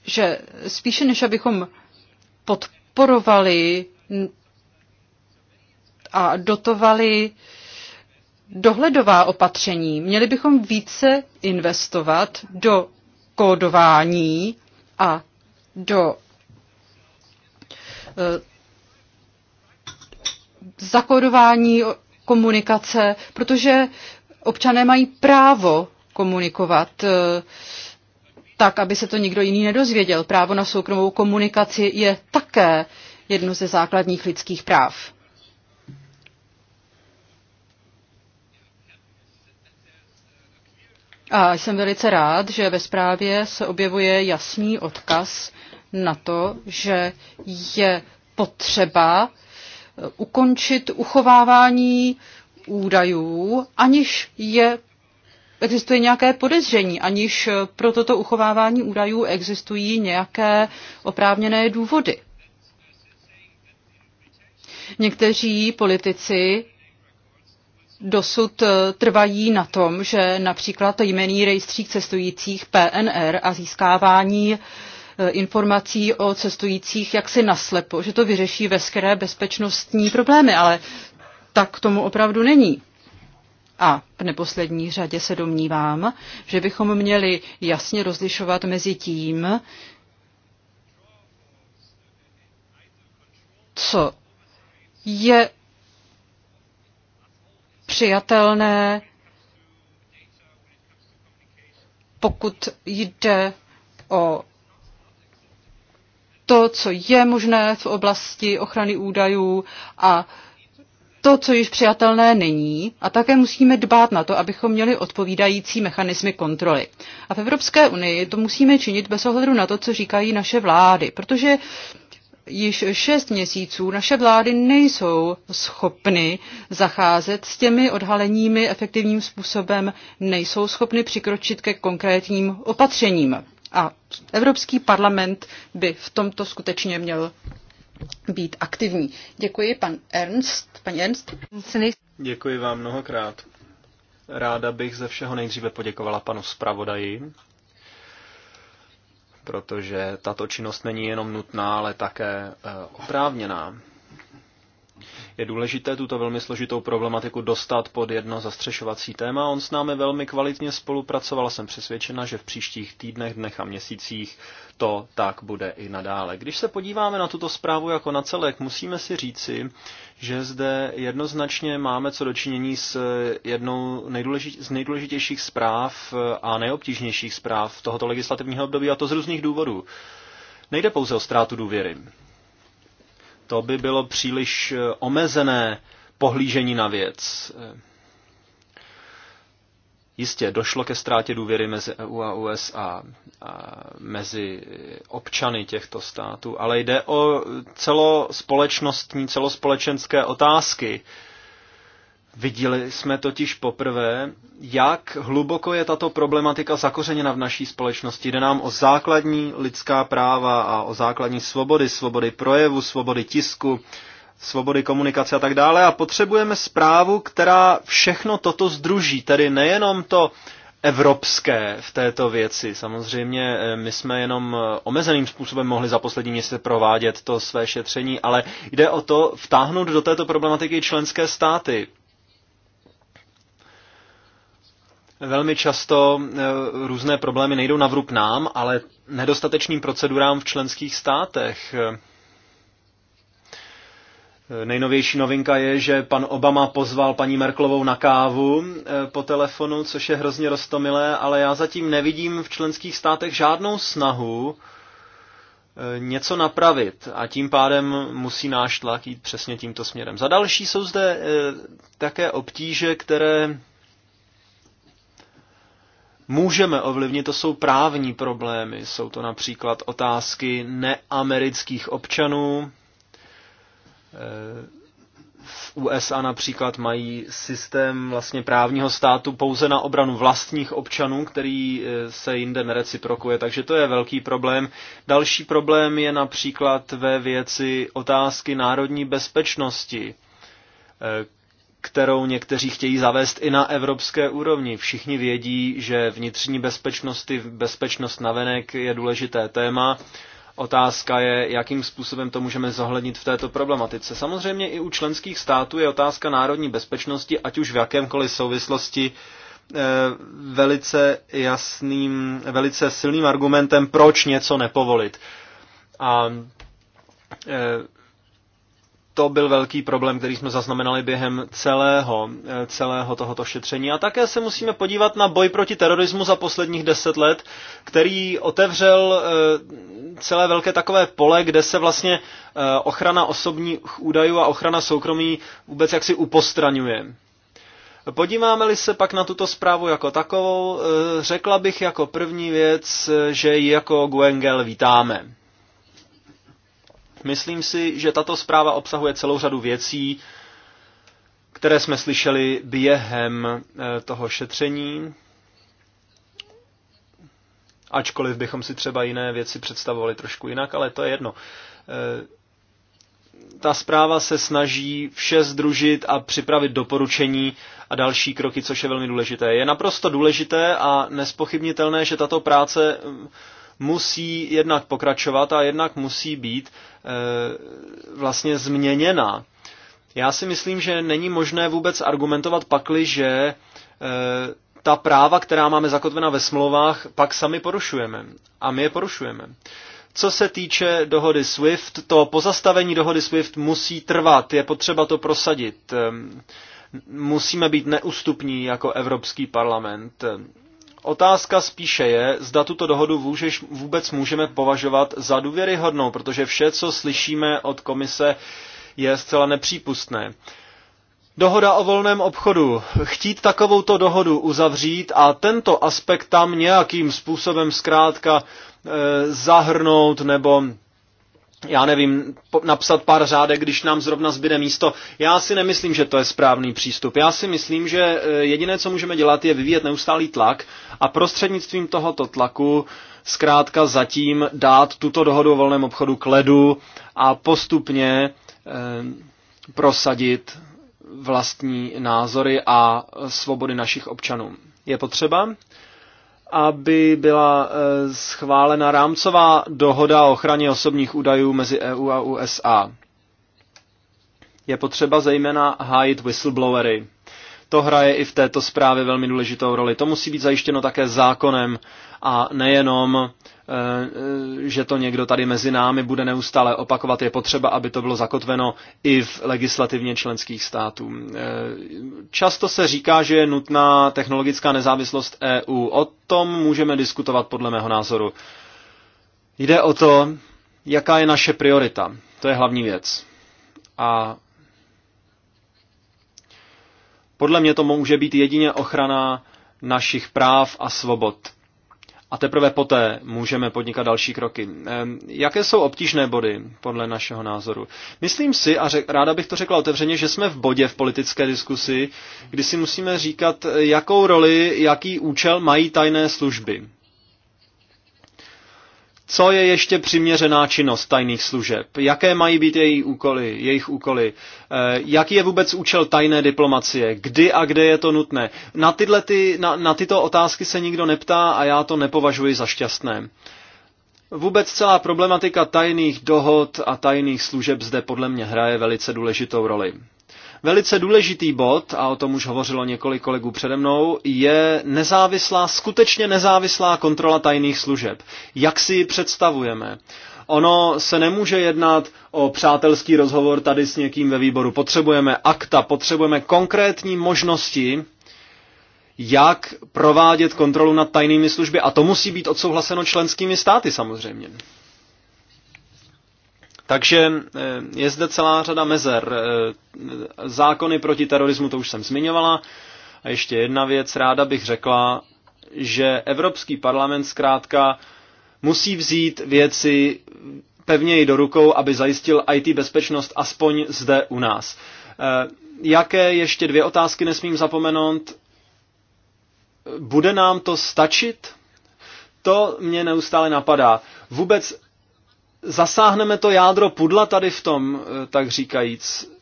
že spíše než abychom podporovali a dotovali dohledová opatření, měli bychom více investovat do kódování a do Eh, zakódování komunikace, protože občané mají právo komunikovat eh, tak, aby se to nikdo jiný nedozvěděl. Právo na soukromou komunikaci je také jedno ze základních lidských práv. A jsem velice rád, že ve zprávě se objevuje jasný odkaz na to, že je potřeba ukončit uchovávání údajů, aniž je existuje nějaké podezření, aniž pro toto uchovávání údajů existují nějaké oprávněné důvody. Někteří politici dosud trvají na tom, že například jmený rejstřík cestujících PNR a získávání Eh, informací o cestujících jaksi naslepo, že to vyřeší veškeré bezpečnostní problémy, ale tak tomu opravdu není. A v neposlední řadě se domnívám, že bychom měli jasně rozlišovat mezi tím, co je přijatelné, pokud jde o to, co je možné v oblasti ochrany údajů a to, co již přijatelné není, a také musíme dbát na to, abychom měli odpovídající mechanismy kontroly. A v Evropské unii to musíme činit bez ohledu na to, co říkají naše vlády, protože již šest měsíců naše vlády nejsou schopny zacházet s těmi odhaleními efektivním způsobem, nejsou schopny přikročit ke konkrétním opatřením. A Evropský parlament by v tomto skutečně měl být aktivní. Děkuji, pan Ernst. Pan Ernst. Děkuji vám mnohokrát. Ráda bych ze všeho nejdříve poděkovala panu zpravodaji, protože tato činnost není jenom nutná, ale také eh, oprávněná. Je důležité tuto velmi složitou problematiku dostat pod jedno zastřešovací téma. On s námi velmi kvalitně spolupracoval a jsem přesvědčena, že v příštích týdnech, dnech a měsících to tak bude i nadále. Když se podíváme na tuto zprávu jako na celek, musíme si říci, že zde jednoznačně máme co dočinění s jednou z nejdůležitějších zpráv a nejobtížnějších zpráv tohoto legislativního období a to z různých důvodů. Nejde pouze o ztrátu důvěry. To by bylo příliš eh, omezené pohlížení na věc. Eh, jistě došlo ke ztrátě důvěry mezi EU a USA, a mezi eh, občany těchto států, ale jde o celospolečnostní, celospolečenské otázky. Viděli jsme totiž poprvé, jak hluboko je tato problematika zakořeněna v naší společnosti. Jde nám o základní lidská práva a o základní svobody, svobody projevu, svobody tisku, svobody komunikace a tak dále. A potřebujeme zprávu, která všechno toto združí, tedy nejenom to evropské v této věci. Samozřejmě eh, my jsme jenom eh, omezeným způsobem mohli za poslední měsíce provádět to své šetření, ale jde o to vtáhnout do této problematiky členské státy Velmi často eh, různé problémy nejdou na vrub nám, ale nedostatečným procedurám v členských státech. Eh, nejnovější novinka je, že pan Obama pozval paní Merklovou na kávu eh, po telefonu, což je hrozně roztomilé, ale já zatím nevidím v členských státech žádnou snahu něco napravit a tím pádem musí náš tlak jít přesně tímto směrem. Za další jsou zde také obtíže, které můžeme ovlivnit, to jsou právní problémy. Jsou to například otázky neamerických občanů. Eh, v USA například mají systém vlastně právního státu pouze na obranu vlastních občanů, který eh, se jinde nereciprokuje, takže to je velký problém. Další problém je například ve věci otázky národní bezpečnosti eh, kterou někteří chtějí zavést i na evropské úrovni. Všichni vědí, že vnitřní bezpečnost, bezpečnost navenek je důležité téma. Otázka je, jakým způsobem to můžeme zohlednit v této problematice. Samozřejmě i u členských států je otázka národní bezpečnosti, ať už v jakémkoliv souvislosti, eh, velice jasným, velice silným argumentem, proč něco nepovolit. A eh, to byl velký problém, který jsme zaznamenali během celého, celého tohoto šetření. A také se musíme podívat na boj proti terorismu za posledních deset let, který otevřel eh, celé velké takové pole, kde se vlastně eh, ochrana osobních údajů a ochrana soukromí vůbec jaksi upostraňuje. Podíváme-li se pak na tuto zprávu jako takovou, eh, řekla bych jako první věc, že ji jako Guengel vítáme. Myslím si, že tato zpráva obsahuje celou řadu věcí, které jsme slyšeli během eh, toho šetření, ačkoliv bychom si třeba jiné věci představovali trošku jinak, ale to je jedno. Eh, ta zpráva se snaží vše združit a připravit doporučení a další kroky, což je velmi důležité. Je naprosto důležité a nespochybnitelné, že tato práce eh, musí jednak pokračovat a jednak musí být eh, vlastně změněna. Já si myslím, že není možné vůbec argumentovat pakli, že eh, ta práva, která máme zakotvena ve smlouvách, pak sami porušujeme. A my je porušujeme. Co se týče dohody SWIFT, to pozastavení dohody SWIFT musí trvat, je potřeba to prosadit. Ehm, musíme být neústupní jako Evropský parlament. Otázka spíše je, zda tuto dohodu vůbec můžeme považovat za důvěryhodnou, protože vše, co slyšíme od komise, je zcela nepřípustné. Dohoda o volném obchodu. Chtít takovouto dohodu uzavřít a tento aspekt tam nějakým způsobem zkrátka e, zahrnout nebo já nevím, napsat pár řádek, když nám zrovna zbyde místo. Já si nemyslím, že to je správný přístup. Já si myslím, že e, jediné, co můžeme dělat, je vyvíjet neustálý tlak a prostřednictvím tohoto tlaku zkrátka zatím dát tuto dohodu o volném obchodu k ledu a postupně e, prosadit vlastní názory a svobody našich občanů. Je potřeba, aby byla eh, schválena rámcová dohoda o ochraně osobních údajů mezi EU a USA. Je potřeba zejména hájit whistleblowery to hraje i v této zprávě velmi důležitou roli. To musí být zajištěno také zákonem a nejenom, eh, eh, že to někdo tady mezi námi bude neustále opakovat. Je potřeba, aby to bylo zakotveno i v legislativně členských států. Eh, často se říká, že je nutná technologická nezávislost EU. O tom můžeme diskutovat podle mého názoru. Jde o to, jaká je naše priorita. To je hlavní věc. A podle mě to může být jedině ochrana našich práv a svobod. A teprve poté můžeme podnikat další kroky. Ehm, jaké jsou obtížné body, podle našeho názoru? Myslím si, a řek, ráda bych to řekla otevřeně, že jsme v bodě v politické diskusi, kdy si musíme říkat, jakou roli, jaký účel mají tajné služby. Co je ještě přiměřená činnost tajných služeb? Jaké mají být její úkoly, jejich úkoly? Eh, jaký je vůbec účel tajné diplomacie? Kdy a kde je to nutné? Na, tyhle ty, na, na tyto otázky se nikdo neptá a já to nepovažuji za šťastné. Vůbec celá problematika tajných dohod a tajných služeb zde podle mě hraje velice důležitou roli. Velice důležitý bod, a o tom už hovořilo několik kolegů přede mnou, je nezávislá, skutečně nezávislá kontrola tajných služeb. Jak si ji představujeme? Ono se nemůže jednat o přátelský rozhovor tady s někým ve výboru. Potřebujeme akta, potřebujeme konkrétní možnosti, jak provádět kontrolu nad tajnými služby. A to musí být odsouhlaseno členskými státy samozřejmě. Takže eh, je zde celá řada mezer. Eh, zákony proti terorismu, to už jsem zmiňovala. A ještě jedna věc, ráda bych řekla, že Evropský parlament zkrátka musí vzít věci pevněji do rukou, aby zajistil IT bezpečnost aspoň zde u nás. Eh, jaké ještě dvě otázky nesmím zapomenout? Bude nám to stačit? To mě neustále napadá. Vůbec zasáhneme to jádro pudla tady v tom, eh, tak říkajíc.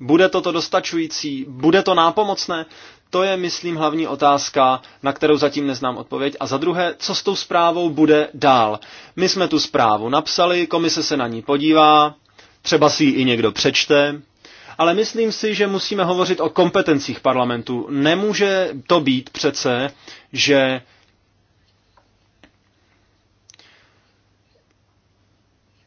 Bude toto dostačující? Bude to nápomocné? To je, myslím, hlavní otázka, na kterou zatím neznám odpověď. A za druhé, co s tou zprávou bude dál? My jsme tu zprávu napsali, komise se na ní podívá, třeba si ji i někdo přečte, ale myslím si, že musíme hovořit o kompetencích parlamentu. Nemůže to být přece, že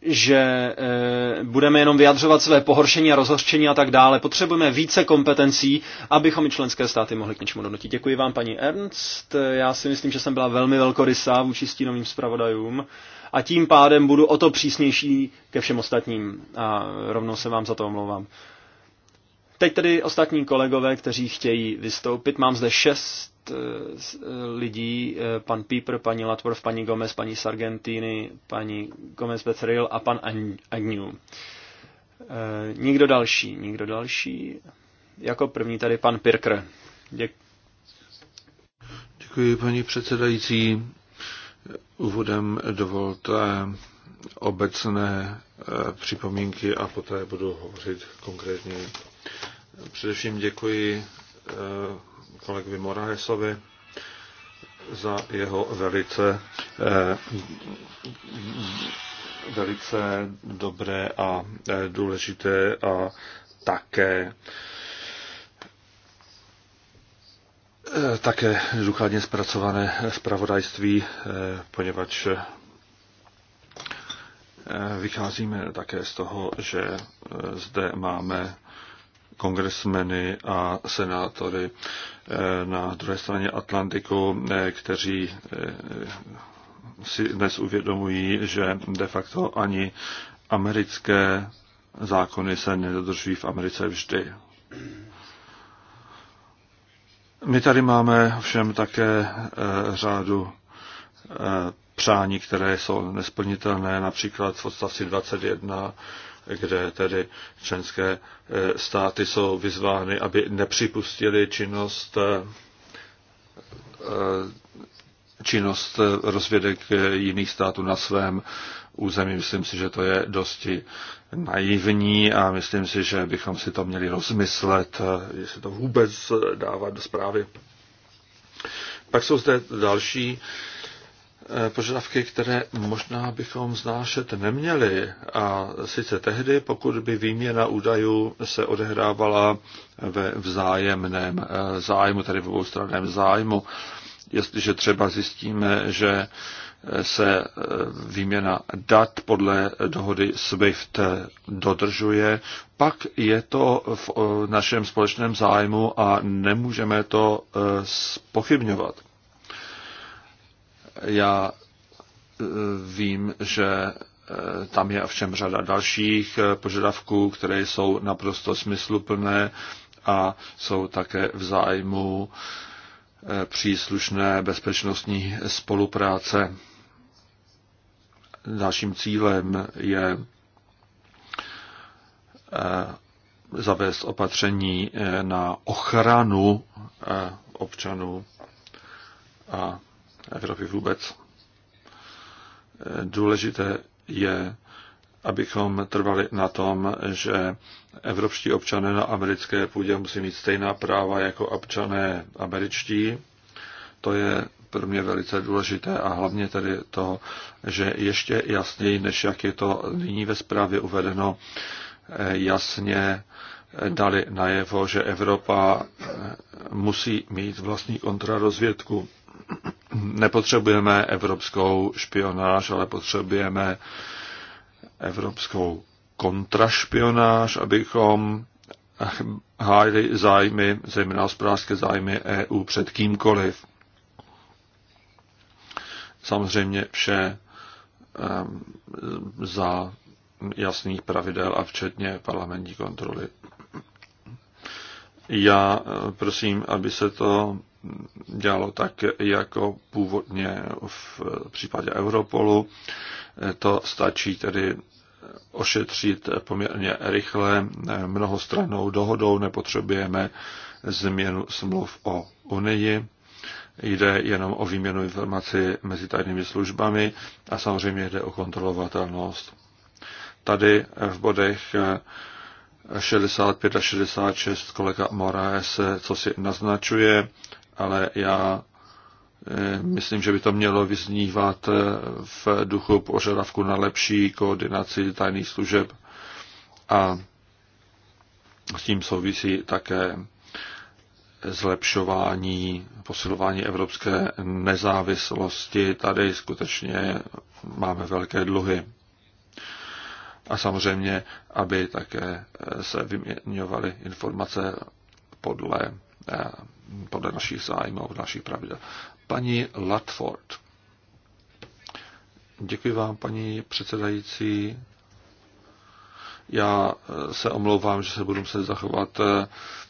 že eh, budeme jenom vyjadřovat své pohoršení a rozhořčení a tak dále. Potřebujeme více kompetencí, abychom i členské státy mohli k něčemu donutit. Děkuji vám, paní Ernst. Já si myslím, že jsem byla velmi velkorysá vůči stínovým zpravodajům a tím pádem budu o to přísnější ke všem ostatním. A rovnou se vám za to omlouvám. Teď tedy ostatní kolegové, kteří chtějí vystoupit. Mám zde šest eh, eh, lidí, eh, pan Pieper, paní Latvorf, paní Gomez, paní Sargentini, paní Gomez Becerril a pan Agnew. Nikdo další, nikdo další. Jako první tady pan Pirkr. Děk... Děkuji, paní předsedající. Úvodem dovolte obecné připomínky a poté budu hovořit konkrétně. Především děkuji eh, kolegovi Moraesovi za jeho velice, eh, velice dobré a eh, důležité a také také důkladně zpracované zpravodajství, poněvadž vycházíme také z toho, že zde máme kongresmeny a senátory eh, na druhé straně Atlantiku, eh, kteří eh, si dnes uvědomují, že de facto ani americké zákony se nedodržují v Americe vždy. My tady máme všem také řádu přání, které jsou nesplnitelné, například v odstavci 21, kde tedy členské e, státy jsou vyzvány, aby nepřipustili činnost e, e, činnost rozvědek jiných států na svém území. Myslím si, že to je dosti naivní a myslím si, že bychom si to měli rozmyslet, jestli to vůbec dávat do zprávy. Pak jsou zde další Eh, požadavky, které možná bychom znášet neměli. A sice tehdy, pokud by výměna údajů se odehrávala ve vzájemném eh, zájmu, tedy v oboustraném zájmu. Jestliže třeba zjistíme, že eh, se výměna dat podle dohody SWIFT dodržuje, pak je to v našem společném zájmu a nemůžeme to spochybňovat. Já e, vím, že e, tam je ovšem řada dalších e, požadavků, které jsou naprosto smysluplné a jsou také v zájmu příslušné bezpečnostní spolupráce. Dalším cílem je zavést opatření na ochranu občanů a Evropy vůbec. Důležité je, abychom trvali na tom, že evropští občané na americké půdě musí mít stejná práva jako občané američtí. To je pro mě velice důležité a hlavně tedy to, že ještě jasněji, než jak je to nyní ve zprávě uvedeno, jasně dali najevo, že Evropa musí mít vlastní kontrarozvědku nepotřebujeme evropskou špionáž, ale potřebujeme evropskou kontrašpionáž, abychom hájili zájmy, zejména hospodářské zájmy EU před kýmkoliv. Samozřejmě vše za jasných pravidel a včetně parlamentní kontroly. Já eh, prosím, aby se to dělalo tak, jako původně v případě Europolu. To stačí tedy ošetřit poměrně rychle mnohostrannou dohodou, nepotřebujeme změnu smluv o Unii. Jde jenom o výměnu informací mezi tajnými službami a samozřejmě jde o kontrolovatelnost. Tady v bodech 65 a 66 kolega Moraes, co si naznačuje, ale já eh, myslím, že by to mělo vyznívat eh, v duchu požadavku na lepší koordinaci tajných služeb a s tím souvisí také zlepšování, posilování evropské nezávislosti. Tady skutečně máme velké dluhy. A samozřejmě, aby také se vyměňovaly informace podle eh, podle našich zájmů, podle našich pravidel. Paní Latford. Děkuji vám, paní předsedající. Já eh, se omlouvám, že se budu muset zachovat eh,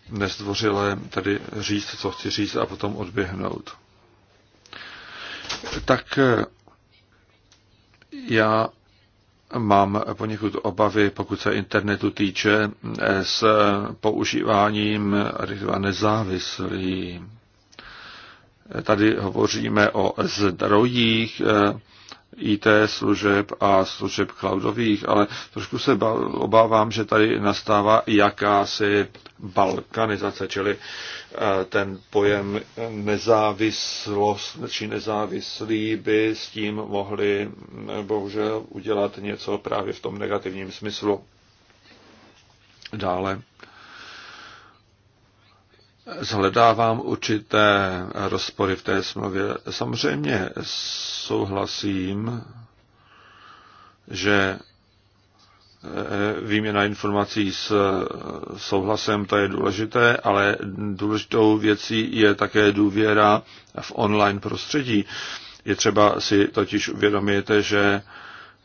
nezdvořile, tedy říct, co chci říct a potom odběhnout. Tak eh, já mám poněkud obavy, pokud se internetu týče, s používáním nezávislý. Tady hovoříme o zdrojích, IT služeb a služeb cloudových, ale trošku se obávám, že tady nastává jakási balkanizace, čili eh, ten pojem nezávislost či nezávislí by s tím mohli eh, bohužel udělat něco právě v tom negativním smyslu. Dále zhledávám určité rozpory v té smlouvě. Samozřejmě souhlasím, že eh, výměna informací s eh, souhlasem, to je důležité, ale důležitou věcí je také důvěra v online prostředí. Je třeba si totiž uvědomit, že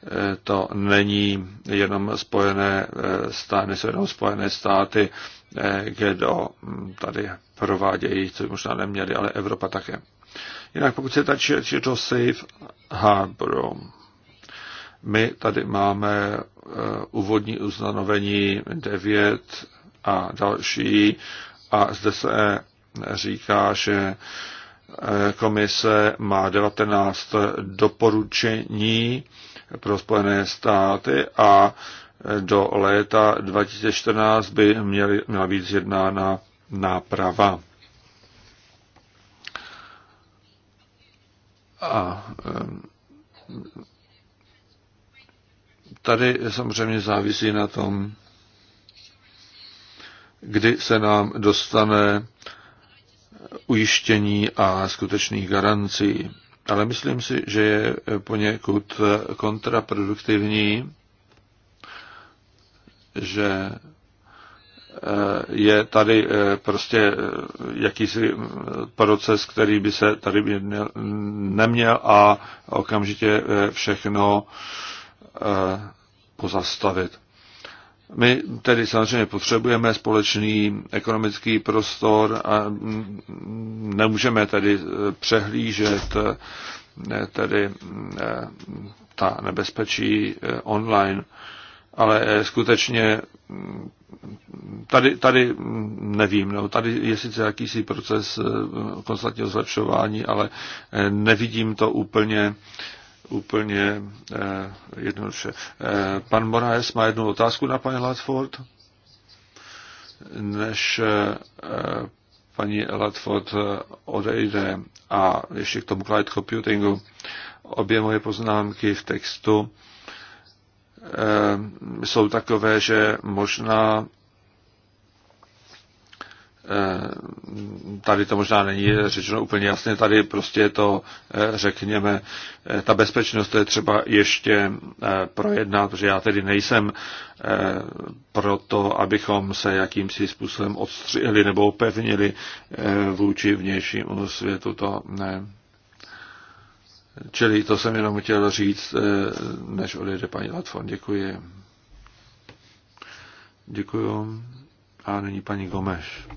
eh, to není jenom spojené státy, jenom spojené státy, Eh, kdo tady provádějí, co možná neměli, ale Evropa také. Jinak pokud se tady je to Safe Harbor, my tady máme eh, úvodní uznanovení 9 a další a zde se říká, že eh, komise má 19 doporučení pro Spojené státy a do léta 2014 by měly, měla být zjednána náprava. A eh, tady samozřejmě závisí na tom, kdy se nám dostane ujištění a skutečných garancí. Ale myslím si, že je poněkud kontraproduktivní že eh, je tady eh, prostě eh, jakýsi proces, který by se tady neměl a okamžitě všechno pozastavit. My tedy samozřejmě potřebujeme společný ekonomický prostor a mm, nemůžeme tedy přehlížet tedy ta nebezpečí online ale eh, skutečně tady, tady hm, nevím, no, tady je sice jakýsi proces eh, konstantního zlepšování, ale eh, nevidím to úplně úplně eh, jednoduše. Eh, pan Moraes má jednu otázku na paní Latford. Než eh, paní Latford odejde a ještě k tomu cloud computingu, obě moje poznámky v textu eh, Eh, jsou takové, že možná eh, tady to možná není řečeno úplně jasně, tady prostě je to, eh, řekněme, ta bezpečnost to je třeba ještě projednat, protože já tedy nejsem proto, abychom se jakýmsi způsobem odstřihli nebo opevnili vůči vnějšímu světu, to ne. Čili to jsem jenom chtěl říct, eh, než odejde paní Latfon. Děkuji. Děkuji. A nyní paní Gomeš.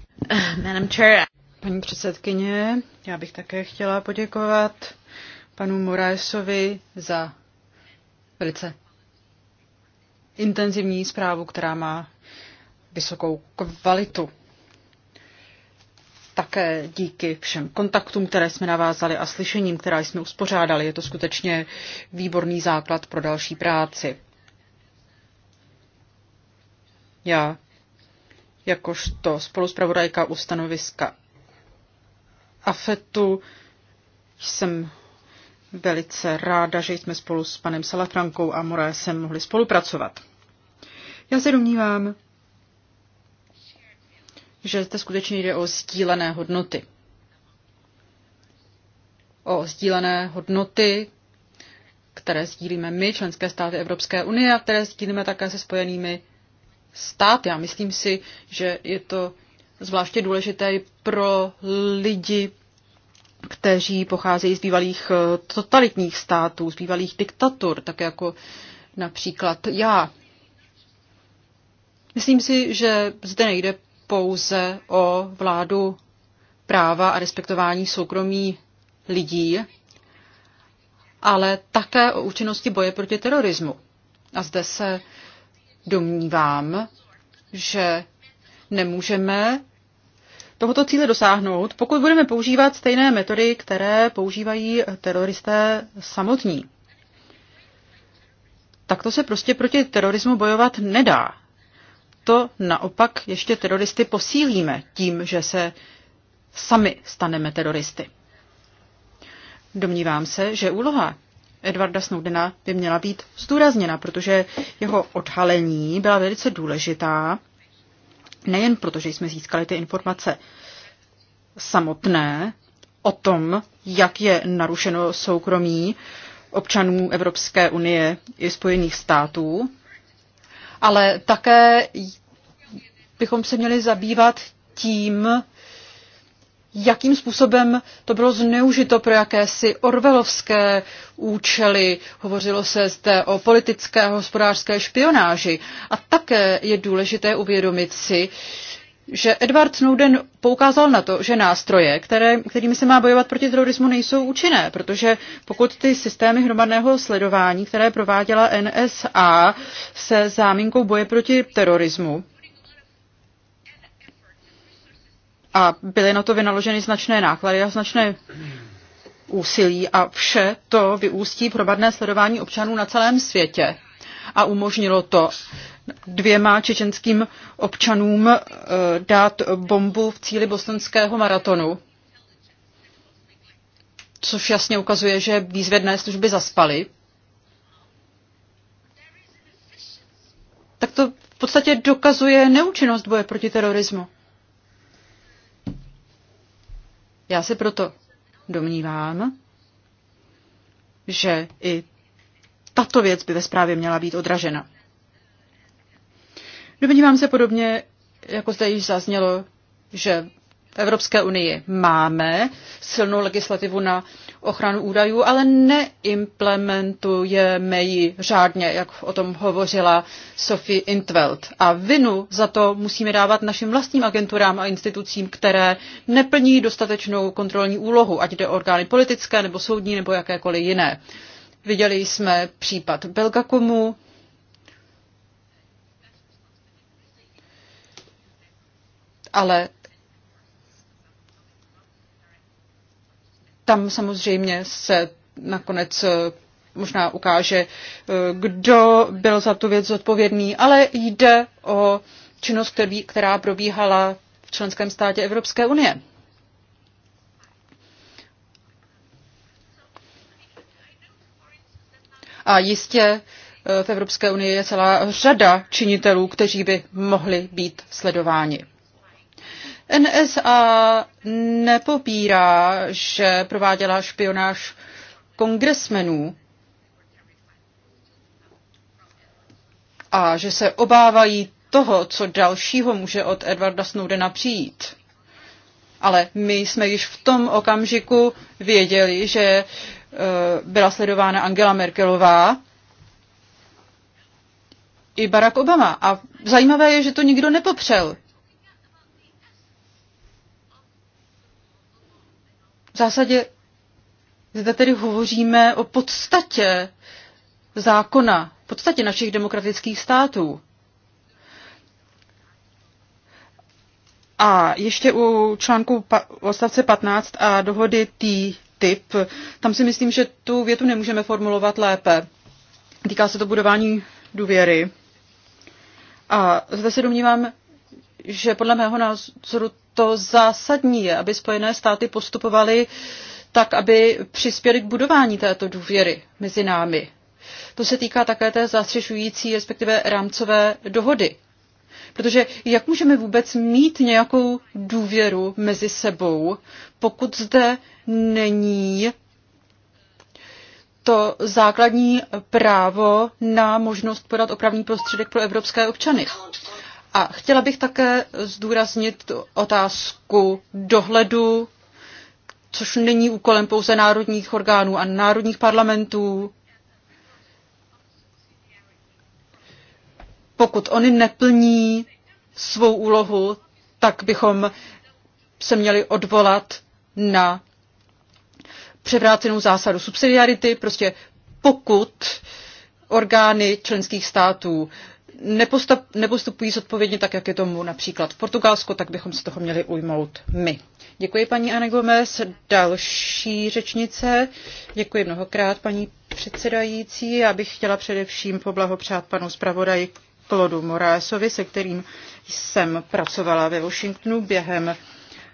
Madam Chair. Paní předsedkyně, já bych také chtěla poděkovat panu Moraesovi za velice intenzivní zprávu, která má vysokou kvalitu také díky všem kontaktům, které jsme navázali a slyšením, která jsme uspořádali. Je to skutečně výborný základ pro další práci. Já, jakožto spoluspravodajka u stanoviska AFETu, jsem velice ráda, že jsme spolu s panem Salafrankou a Moraesem mohli spolupracovat. Já se domnívám, že zde skutečně jde o sdílené hodnoty. O sdílené hodnoty, které sdílíme my, členské státy Evropské unie, a které sdílíme také se spojenými státy. Já myslím si, že je to zvláště důležité i pro lidi, kteří pocházejí z bývalých eh, totalitních států, z bývalých diktatur, tak jako například já. Myslím si, že zde nejde pouze o vládu práva a respektování soukromí lidí, ale také o účinnosti boje proti terorismu. A zde se domnívám, že nemůžeme tohoto cíle dosáhnout, pokud budeme používat stejné metody, které používají teroristé samotní. Takto se prostě proti terorismu bojovat nedá to naopak ještě teroristy posílíme tím, že se sami staneme teroristy. Domnívám se, že úloha Edwarda Snowdena by měla být zdůrazněna, protože jeho odhalení byla velice důležitá, nejen proto, že jsme získali ty informace samotné o tom, jak je narušeno soukromí občanů Evropské unie i Spojených států, ale také bychom se měli zabývat tím, jakým způsobem to bylo zneužito pro jakési orvelovské účely. Hovořilo se zde o politické a hospodářské špionáži. A také je důležité uvědomit si, že Edward Snowden poukázal na to, že nástroje, které, kterými se má bojovat proti terorismu, nejsou účinné, protože pokud ty systémy hromadného sledování, které prováděla NSA se záminkou boje proti terorismu, a byly na to vynaloženy značné náklady a značné úsilí a vše to vyústí v hromadné sledování občanů na celém světě a umožnilo to, dvěma čečenským občanům eh, dát bombu v cíli bostonského maratonu, což jasně ukazuje, že výzvedné služby zaspaly. Tak to v podstatě dokazuje neúčinnost boje proti terorismu. Já se proto domnívám, že i tato věc by ve zprávě měla být odražena. Domnívám se podobně, jako zde již zaznělo, že v Evropské unii máme silnou legislativu na ochranu údajů, ale neimplementujeme ji řádně, jak o tom hovořila Sophie Intveld. A vinu za to musíme dávat našim vlastním agenturám a institucím, které neplní dostatečnou kontrolní úlohu, ať jde o orgány politické nebo soudní nebo jakékoliv jiné. Viděli jsme případ Belgakomu, ale tam samozřejmě se nakonec eh, možná ukáže, eh, kdo byl za tu věc zodpovědný, ale jde o činnost, která probíhala v členském státě Evropské unie. A jistě eh, v Evropské unii je celá řada činitelů, kteří by mohli být sledováni. NSA nepopírá, že prováděla špionáž kongresmenů a že se obávají toho, co dalšího může od Edwarda Snowdena přijít. Ale my jsme již v tom okamžiku věděli, že eh, byla sledována Angela Merkelová i Barack Obama. A zajímavé je, že to nikdo nepopřel. V zásadě zde tedy hovoříme o podstatě zákona, podstatě našich demokratických států. A ještě u článku odstavce 15 a dohody tý typ tam si myslím, že tu větu nemůžeme formulovat lépe. Týká se to budování důvěry. A zde se domnívám, že podle mého názoru to zásadní je, aby Spojené státy postupovaly tak, aby přispěly k budování této důvěry mezi námi. To se týká také té zastřešující, respektive rámcové dohody. Protože jak můžeme vůbec mít nějakou důvěru mezi sebou, pokud zde není to základní právo na možnost podat opravný prostředek pro evropské občany. A chtěla bych také zdůraznit otázku dohledu, což není úkolem pouze národních orgánů a národních parlamentů. Pokud oni neplní svou úlohu, tak bychom se měli odvolat na převrácenou zásadu subsidiarity, prostě pokud orgány členských států nepostupují zodpovědně tak, jak je tomu například v Portugalsku, tak bychom se toho měli ujmout my. Děkuji paní Ane Gomez, další řečnice. Děkuji mnohokrát paní předsedající. Já bych chtěla především poblahopřát panu zpravodaji Klodu Moraesovi, se kterým jsem pracovala ve Washingtonu během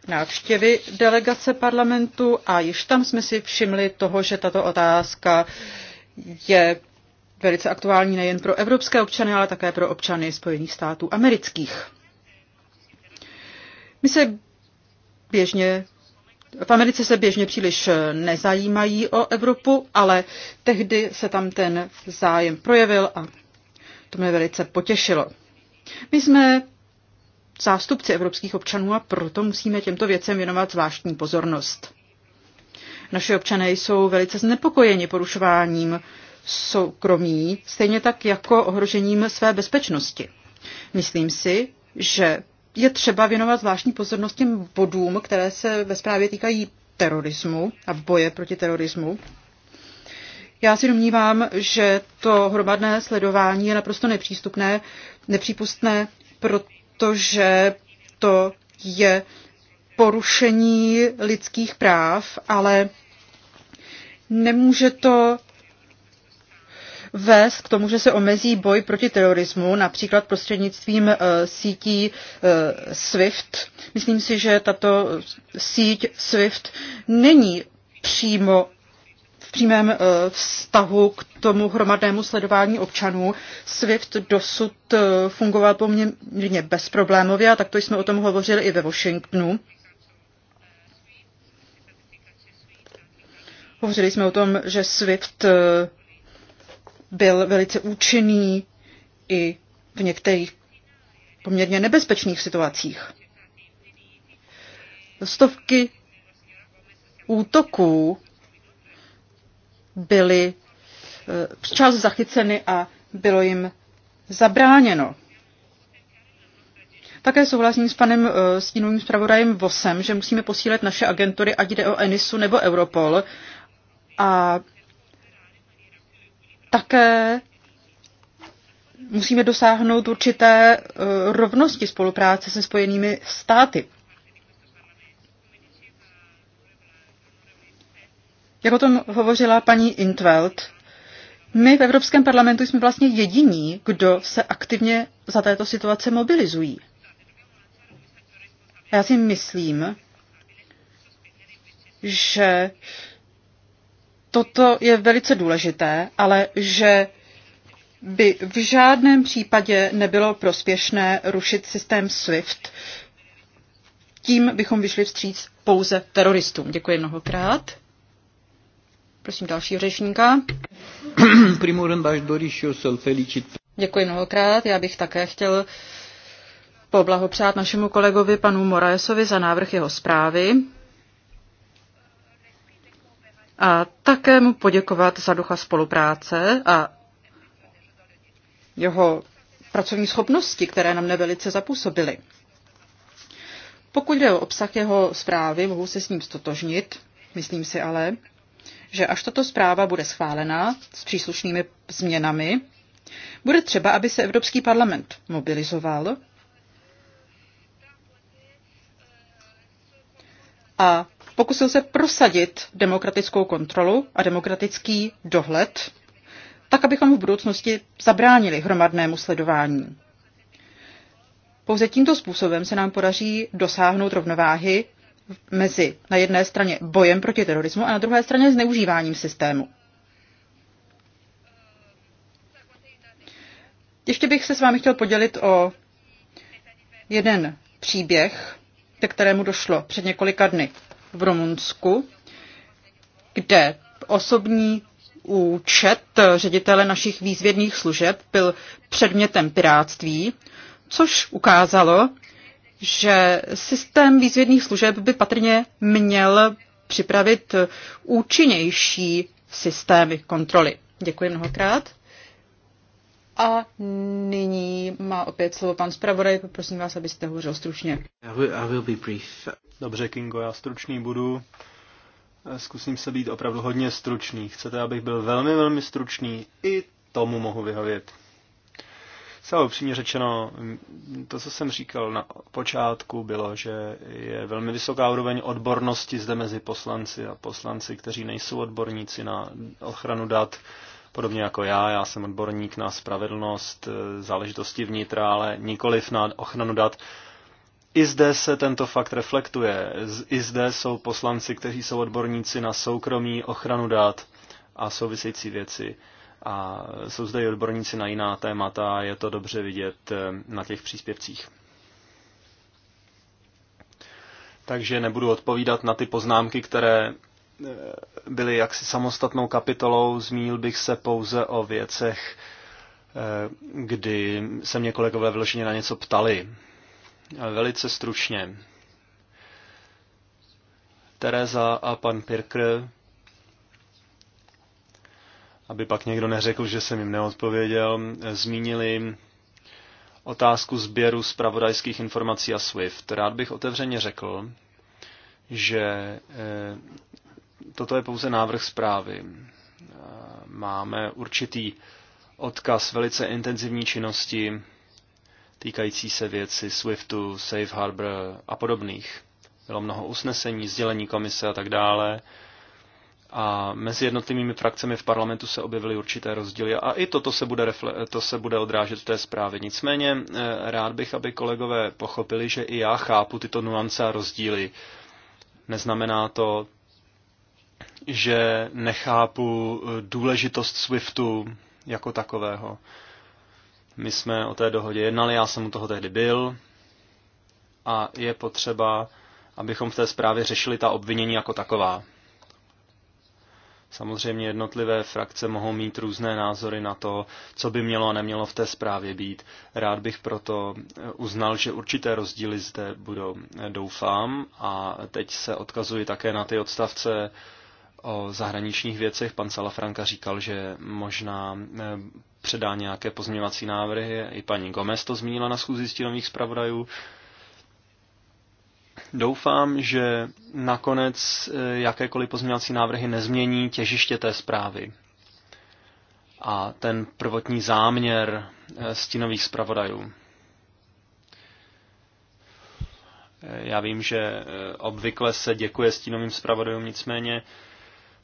návštěvy delegace parlamentu a již tam jsme si všimli toho, že tato otázka je velice aktuální nejen pro evropské občany, ale také pro občany Spojených států amerických. My se běžně v Americe se běžně příliš nezajímají o Evropu, ale tehdy se tam ten zájem projevil a to mě velice potěšilo. My jsme zástupci evropských občanů a proto musíme těmto věcem věnovat zvláštní pozornost. Naše občané jsou velice znepokojeni porušováním soukromí, stejně tak jako ohrožením své bezpečnosti. Myslím si, že je třeba věnovat zvláštní pozornost těm bodům, které se ve zprávě týkají terorismu a boje proti terorismu. Já si domnívám, že to hromadné sledování je naprosto nepřístupné, nepřípustné, protože to je porušení lidských práv, ale nemůže to vést k tomu, že se omezí boj proti terorismu, například prostřednictvím eh, sítí eh, SWIFT. Myslím si, že tato síť SWIFT není přímo v přímém eh, vztahu k tomu hromadnému sledování občanů. SWIFT dosud fungoval poměrně bezproblémově a takto jsme o tom hovořili i ve Washingtonu. Hovořili jsme o tom, že SWIFT byl velice účinný i v některých poměrně nebezpečných situacích. Stovky útoků byly včas eh, zachyceny a bylo jim zabráněno. Také souhlasím s panem eh, stínovým zpravodajem Vosem, že musíme posílat naše agentury, ať jde o Enisu nebo Europol. A také musíme dosáhnout určité eh, rovnosti spolupráce se spojenými státy. Jak o tom hovořila paní Intveld, my v Evropském parlamentu jsme vlastně jediní, kdo se aktivně za této situace mobilizují. Já si myslím, že toto je velice důležité, ale že by v žádném případě nebylo prospěšné rušit systém SWIFT. Tím bychom vyšli vstříc pouze teroristům. Děkuji mnohokrát. Prosím dalšího řečníka. Děkuji mnohokrát. Já bych také chtěl poblahopřát našemu kolegovi panu Moraesovi za návrh jeho zprávy a také mu poděkovat za ducha spolupráce a jeho pracovní schopnosti, které nám nevelice zapůsobily. Pokud jde o obsah jeho zprávy, mohu se s ním stotožnit. Myslím si ale, že až tato zpráva bude schválena s příslušnými změnami, bude třeba, aby se Evropský parlament mobilizoval a pokusil se prosadit demokratickou kontrolu a demokratický dohled, tak abychom v budoucnosti zabránili hromadnému sledování. Pouze tímto způsobem se nám podaří dosáhnout rovnováhy mezi na jedné straně bojem proti terorismu a na druhé straně zneužíváním systému. Ještě bych se s vámi chtěl podělit o jeden příběh, ke kterému došlo před několika dny v Rumunsku, kde osobní účet ředitele našich výzvědných služeb byl předmětem piráctví, což ukázalo, že systém výzvědných služeb by patrně měl připravit účinnější systémy kontroly. Děkuji mnohokrát. A nyní má opět slovo pan zpravodaj, poprosím vás, abyste hovořil stručně. I will be brief. Dobře, Kingo, já stručný budu. Zkusím se být opravdu hodně stručný. Chcete, abych byl velmi, velmi stručný? I tomu mohu vyhovět. Celou upřímně řečeno, to, co jsem říkal na počátku, bylo, že je velmi vysoká úroveň odbornosti zde mezi poslanci a poslanci, kteří nejsou odborníci na ochranu dat, podobně jako já. Já jsem odborník na spravedlnost, e, záležitosti vnitra, ale nikoliv na ochranu dat. I zde se tento fakt reflektuje. I zde jsou poslanci, kteří jsou odborníci na soukromí, ochranu dat a související věci. A jsou zde i odborníci na jiná témata, je to dobře vidět e, na těch příspěvcích. Takže nebudu odpovídat na ty poznámky, které byly jaksi samostatnou kapitolou, zmínil bych se pouze o věcech, eh, kdy se mě kolegové vyloženě na něco ptali. Velice stručně. Tereza a pan Pirkr, aby pak někdo neřekl, že jsem jim neodpověděl, zmínili otázku sběru zpravodajských informací a SWIFT. Rád bych otevřeně řekl, že eh, toto je pouze návrh zprávy. E, máme určitý odkaz velice intenzivní činnosti týkající se věci SWIFTu, Safe Harbor a podobných. Bylo mnoho usnesení, sdělení komise a tak dále. A mezi jednotlivými frakcemi v parlamentu se objevily určité rozdíly a i toto se bude, refle- to se bude odrážet v té zprávě. Nicméně e, rád bych, aby kolegové pochopili, že i já chápu tyto nuance a rozdíly. Neznamená to že nechápu eh, důležitost SWIFTu jako takového. My jsme o té dohodě jednali, já jsem u toho tehdy byl a je potřeba, abychom v té zprávě řešili ta obvinění jako taková. Samozřejmě jednotlivé frakce mohou mít různé názory na to, co by mělo a nemělo v té zprávě být. Rád bych proto eh, uznal, že určité rozdíly zde budou, eh, doufám. A teď se odkazuji také na ty odstavce o zahraničních věcech. Pan Salafranka říkal, že možná eh, předá nějaké pozměňovací návrhy. I paní Gomez to zmínila na schůzi stínových zpravodajů. Doufám, že nakonec eh, jakékoliv pozměňovací návrhy nezmění těžiště té zprávy a ten prvotní záměr eh, stínových zpravodajů. Já vím, že obvykle se děkuje stínovým zpravodajům, nicméně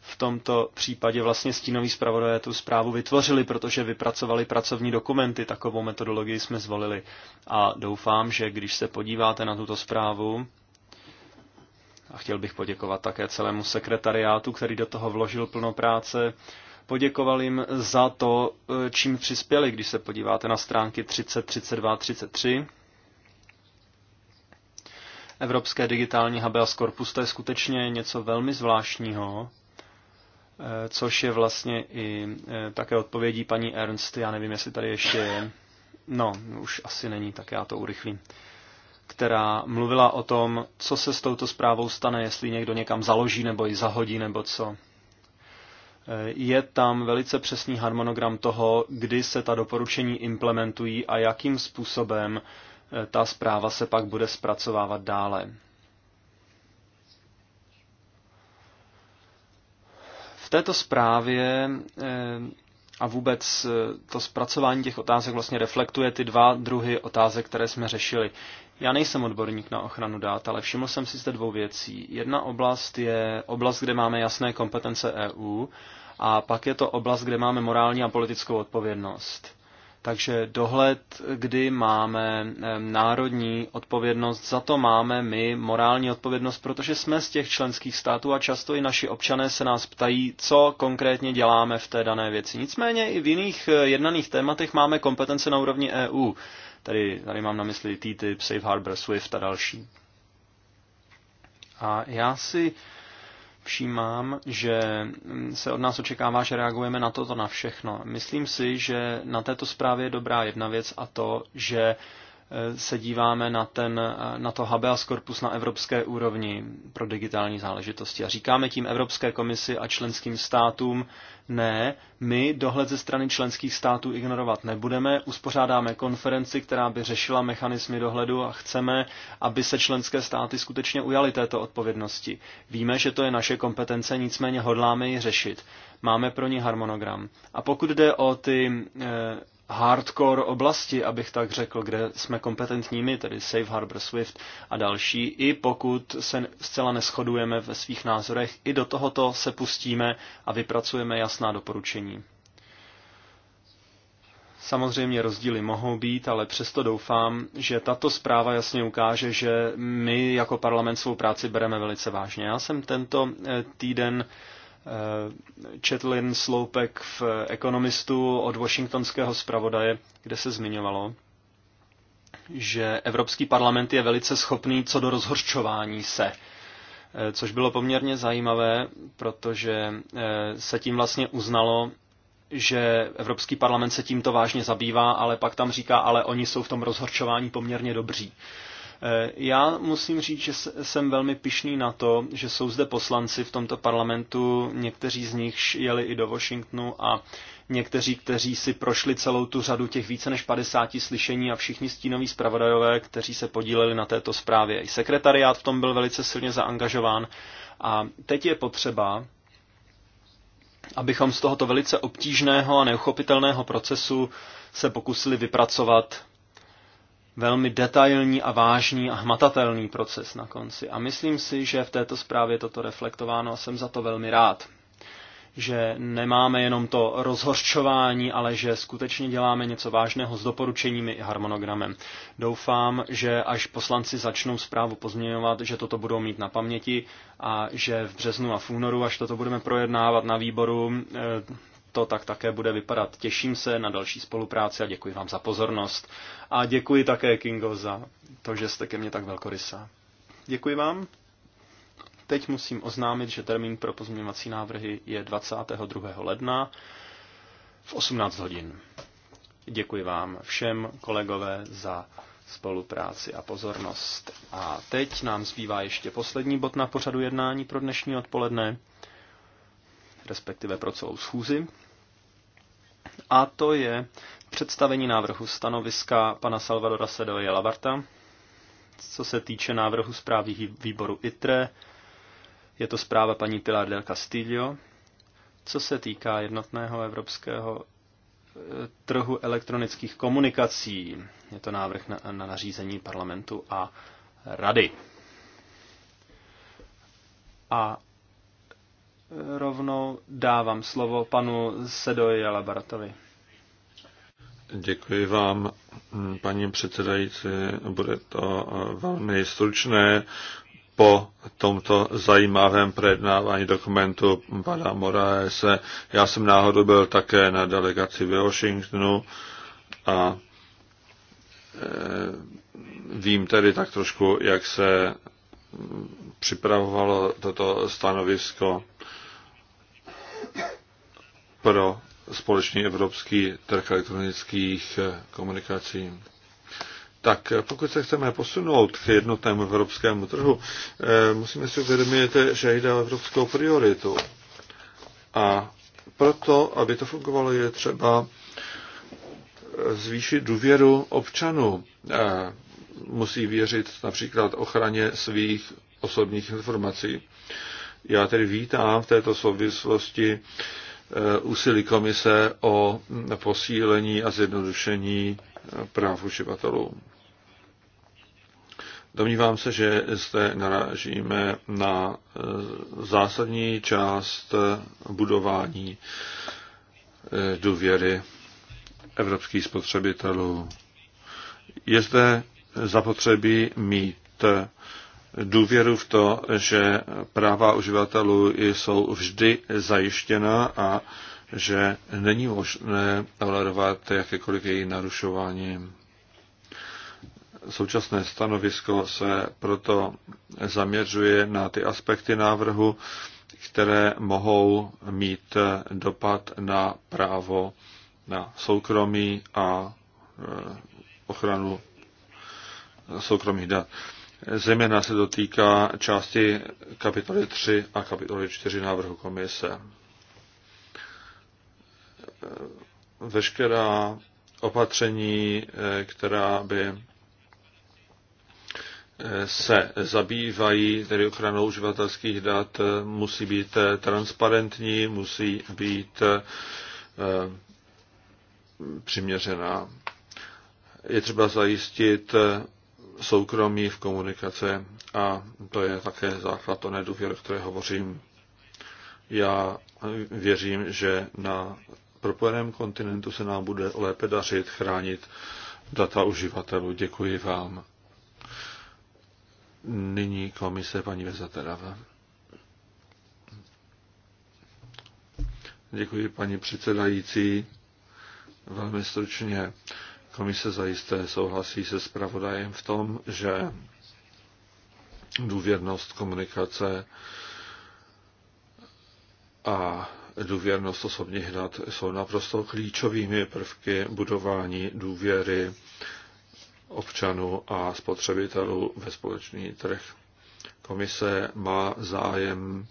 v tomto případě vlastně stínoví zpravodajé tu zprávu vytvořili, protože vypracovali pracovní dokumenty, takovou metodologii jsme zvolili. A doufám, že když se podíváte na tuto zprávu, a chtěl bych poděkovat také celému sekretariátu, který do toho vložil plno práce, poděkoval jim za to, čím přispěli, když se podíváte na stránky 30, 32, 33. Evropské digitální habeas corpus to je skutečně něco velmi zvláštního, Eh, což je vlastně i eh, také odpovědí paní Ernst, já nevím, jestli tady ještě je, no, už asi není, tak já to urychlím, která mluvila o tom, co se s touto zprávou stane, jestli někdo někam založí nebo ji zahodí nebo co. Eh, je tam velice přesný harmonogram toho, kdy se ta doporučení implementují a jakým způsobem ta zpráva se pak bude zpracovávat dále. této zprávě eh, a vůbec eh, to zpracování těch otázek vlastně reflektuje ty dva druhy otázek, které jsme řešili. Já nejsem odborník na ochranu dát, ale všiml jsem si zde dvou věcí. Jedna oblast je oblast, kde máme jasné kompetence EU, a pak je to oblast, kde máme morální a politickou odpovědnost. Takže dohled, kdy máme národní odpovědnost, za to máme my morální odpovědnost, protože jsme z těch členských států a často i naši občané se nás ptají, co konkrétně děláme v té dané věci. Nicméně i v jiných eh, jednaných tématech máme kompetence na úrovni EU. Tady, tady mám na mysli TTIP, Safe Harbor, SWIFT a další. A já si všímám, že mm, se od nás očekává, že reagujeme na toto na všechno. Myslím si, že na této zprávě je dobrá jedna věc a to, že se díváme na, ten, na to habeas corpus na evropské úrovni pro digitální záležitosti. A říkáme tím Evropské komisi a členským státům, ne, my dohled ze strany členských států ignorovat nebudeme, uspořádáme konferenci, která by řešila mechanismy dohledu a chceme, aby se členské státy skutečně ujaly této odpovědnosti. Víme, že to je naše kompetence, nicméně hodláme ji řešit. Máme pro ní harmonogram. A pokud jde o ty eh, hardcore oblasti, abych tak řekl, kde jsme kompetentními, tedy Safe Harbor Swift a další, i pokud se zcela neschodujeme ve svých názorech, i do tohoto se pustíme a vypracujeme jasná doporučení. Samozřejmě rozdíly mohou být, ale přesto doufám, že tato zpráva jasně ukáže, že my jako parlament svou práci bereme velice vážně. Já jsem tento eh, týden jen eh, Sloupek v Ekonomistu od washingtonského zpravodaje, kde se zmiňovalo, že Evropský parlament je velice schopný co do rozhorčování se eh, což bylo poměrně zajímavé, protože eh, se tím vlastně uznalo, že Evropský parlament se tímto vážně zabývá, ale pak tam říká, ale oni jsou v tom rozhorčování poměrně dobří. Eh, já musím říct, že jsem velmi pišný na to, že jsou zde poslanci v tomto parlamentu, někteří z nich jeli i do Washingtonu a někteří, kteří si prošli celou tu řadu těch více než 50 slyšení a všichni stínoví zpravodajové, kteří se podíleli na této zprávě. I sekretariát v tom byl velice silně zaangažován a teď je potřeba, abychom z tohoto velice obtížného a neuchopitelného procesu se pokusili vypracovat velmi detailní a vážný a hmatatelný proces na konci. A myslím si, že v této zprávě je toto reflektováno a jsem za to velmi rád. Že nemáme jenom to rozhorčování, ale že skutečně děláme něco vážného s doporučeními i harmonogramem. Doufám, že až poslanci začnou zprávu pozměňovat, že toto budou mít na paměti a že v březnu a v únoru, až toto budeme projednávat na výboru, eh, to tak také bude vypadat. Těším se na další spolupráci a děkuji vám za pozornost. A děkuji také, Kingo, za to, že jste ke mně tak velkorysá. Děkuji vám. Teď musím oznámit, že termín pro pozměňovací návrhy je 22. ledna v 18 hodin. Děkuji vám všem, kolegové, za spolupráci a pozornost. A teď nám zbývá ještě poslední bod na pořadu jednání pro dnešní odpoledne respektive pro celou schůzi. A to je představení návrhu stanoviska pana Salvadora Sedoje Lavarta, co se týče návrhu zprávy výboru ITRE, je to zpráva paní Pilar del Castillo, co se týká jednotného evropského eh, trhu elektronických komunikací. Je to návrh na, na nařízení parlamentu a rady. A rovnou dávám slovo panu Sedoji Labaratovi. Děkuji vám, paní předsedající. Bude to eh, velmi stručné. Po tomto zajímavém projednávání dokumentu pana Moraese, já jsem náhodou byl také na delegaci ve Washingtonu a eh, vím tedy tak trošku, jak se mm, připravovalo toto stanovisko pro společný evropský trh elektronických eh, komunikací. Tak eh, pokud se chceme posunout k jednotnému evropskému trhu, eh, musíme si uvědomit, že jde o evropskou prioritu. A proto, aby to fungovalo, je třeba zvýšit důvěru občanů. Musí věřit například ochraně svých osobních informací. Já tedy vítám v této souvislosti eh, úsilí komise o posílení a zjednodušení eh, práv uživatelů. Domnívám se, že zde narážíme na eh, zásadní část budování důvěry evropských spotřebitelů. Je zde zapotřebí mít důvěru v to, že práva uživatelů jsou vždy zajištěna a že není možné tolerovat jakékoliv její narušování. Současné stanovisko se proto zaměřuje na ty aspekty návrhu, které mohou mít dopad na právo na soukromí a e, ochranu soukromých dat. Zejména se dotýká části kapitoly 3 a kapitoly 4 návrhu komise. Veškerá opatření, eh, která by eh, se zabývají, tedy ochranou uživatelských dat, eh, musí být transparentní, musí být přiměřená. Je třeba zajistit soukromí, v komunikace a to je také základ o nedůvěry, o které hovořím. Já věřím, že na propojeném kontinentu se nám bude lépe dařit chránit data uživatelů. Děkuji vám. Nyní komise paní Vezaterava. Děkuji paní předsedající. Velmi stručně. Komise zajisté souhlasí se zpravodajem v tom, že důvěrnost komunikace a důvěrnost osobních dat jsou naprosto klíčovými prvky budování důvěry občanů a spotřebitelů ve společný trh. Komise má zájem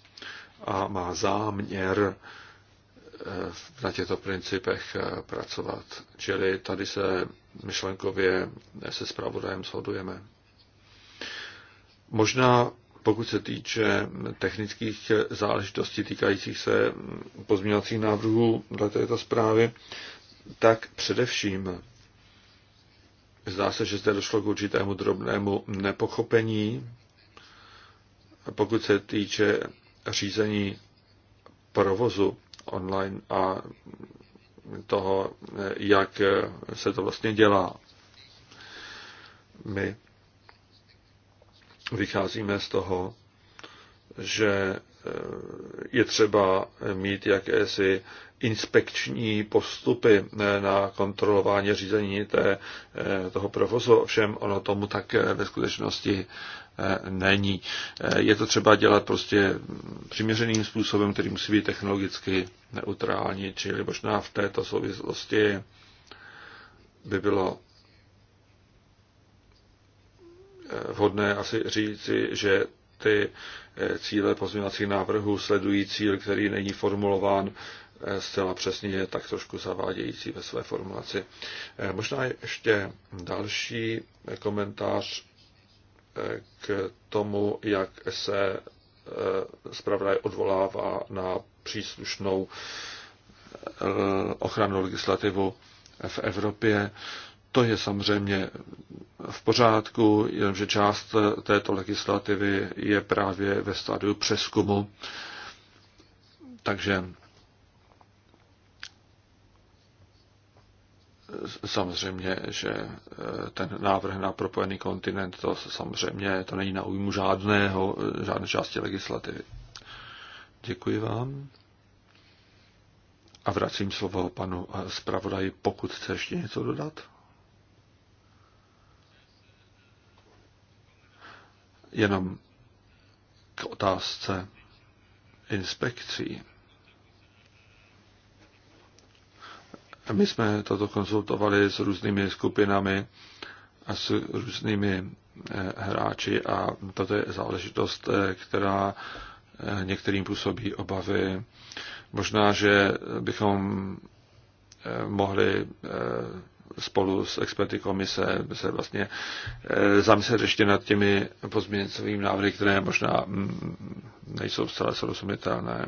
a má záměr Eh, na těchto principech eh, pracovat. Čili tady se myšlenkově eh, se zpravodajem shodujeme. Možná pokud se týče technických záležitostí týkajících se pozměňovacích návrhů dle této zprávy, tak především zdá se, že zde došlo k určitému drobnému nepochopení, pokud se týče řízení provozu online a toho, jak se to vlastně dělá. My vycházíme z toho, že eh, je třeba mít jakési inspekční postupy eh, na kontrolování řízení té, eh, toho provozu. Ovšem ono tomu tak ve skutečnosti E, není. E, je to třeba dělat prostě přiměřeným způsobem, který musí být technologicky neutrální, čili možná v této souvislosti by bylo e, vhodné asi říci, že ty cíle pozměňovacích návrhů sledují cíl, který není formulován zcela přesně, je tak trošku zavádějící ve své formulaci. Možná ještě další komentář k tomu, jak se eh, zpravodaj odvolává na příslušnou eh, ochranu legislativu v Evropě. To je samozřejmě v pořádku, jenomže část eh, této legislativy je právě ve stádiu přeskumu. Takže samozřejmě, že e, ten návrh na propojený kontinent, to samozřejmě to není na újmu žádného, e, žádné části legislativy. Děkuji vám. A vracím slovo panu e, zpravodaji, pokud chce ještě něco dodat. Jenom k otázce inspekcí. My jsme toto konzultovali s různými skupinami a s různými eh, hráči a toto je záležitost, eh, která eh, některým působí obavy. Možná, že bychom mohli spolu s experty komise se vlastně eh, zamyslet ještě nad těmi pozměňovacími návrhy, které možná mm, nejsou zcela srozumitelné.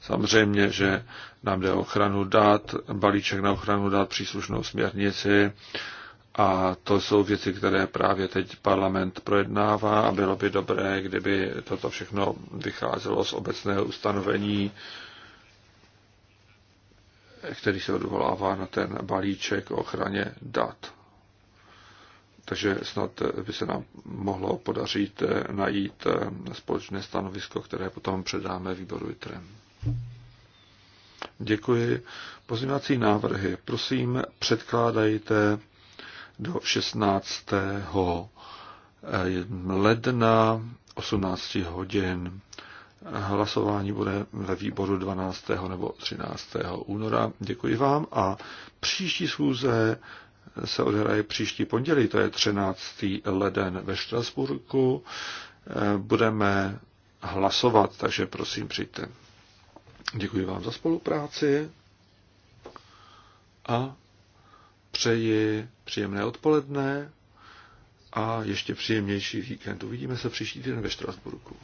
Samozřejmě, že nám jde o ochranu dát, balíček na ochranu dát příslušnou směrnici a to jsou věci, které právě teď parlament projednává a bylo by dobré, kdyby toto všechno vycházelo z obecného ustanovení který se odvolává na ten balíček o ochraně dat. Takže snad by se nám mohlo podařit najít společné stanovisko, které potom předáme výboru ITREM. Děkuji. Pozměňovací návrhy. Prosím, předkládajte do 16. ledna 18 hodin. Hlasování bude ve výboru 12. nebo 13. února. Děkuji vám a příští schůze se odehraje příští pondělí, to je 13. leden ve Štrasburku. Budeme hlasovat, takže prosím přijďte. Děkuji vám za spolupráci a přeji příjemné odpoledne a ještě příjemnější víkend. Uvidíme se příští týden ve Štrasburku.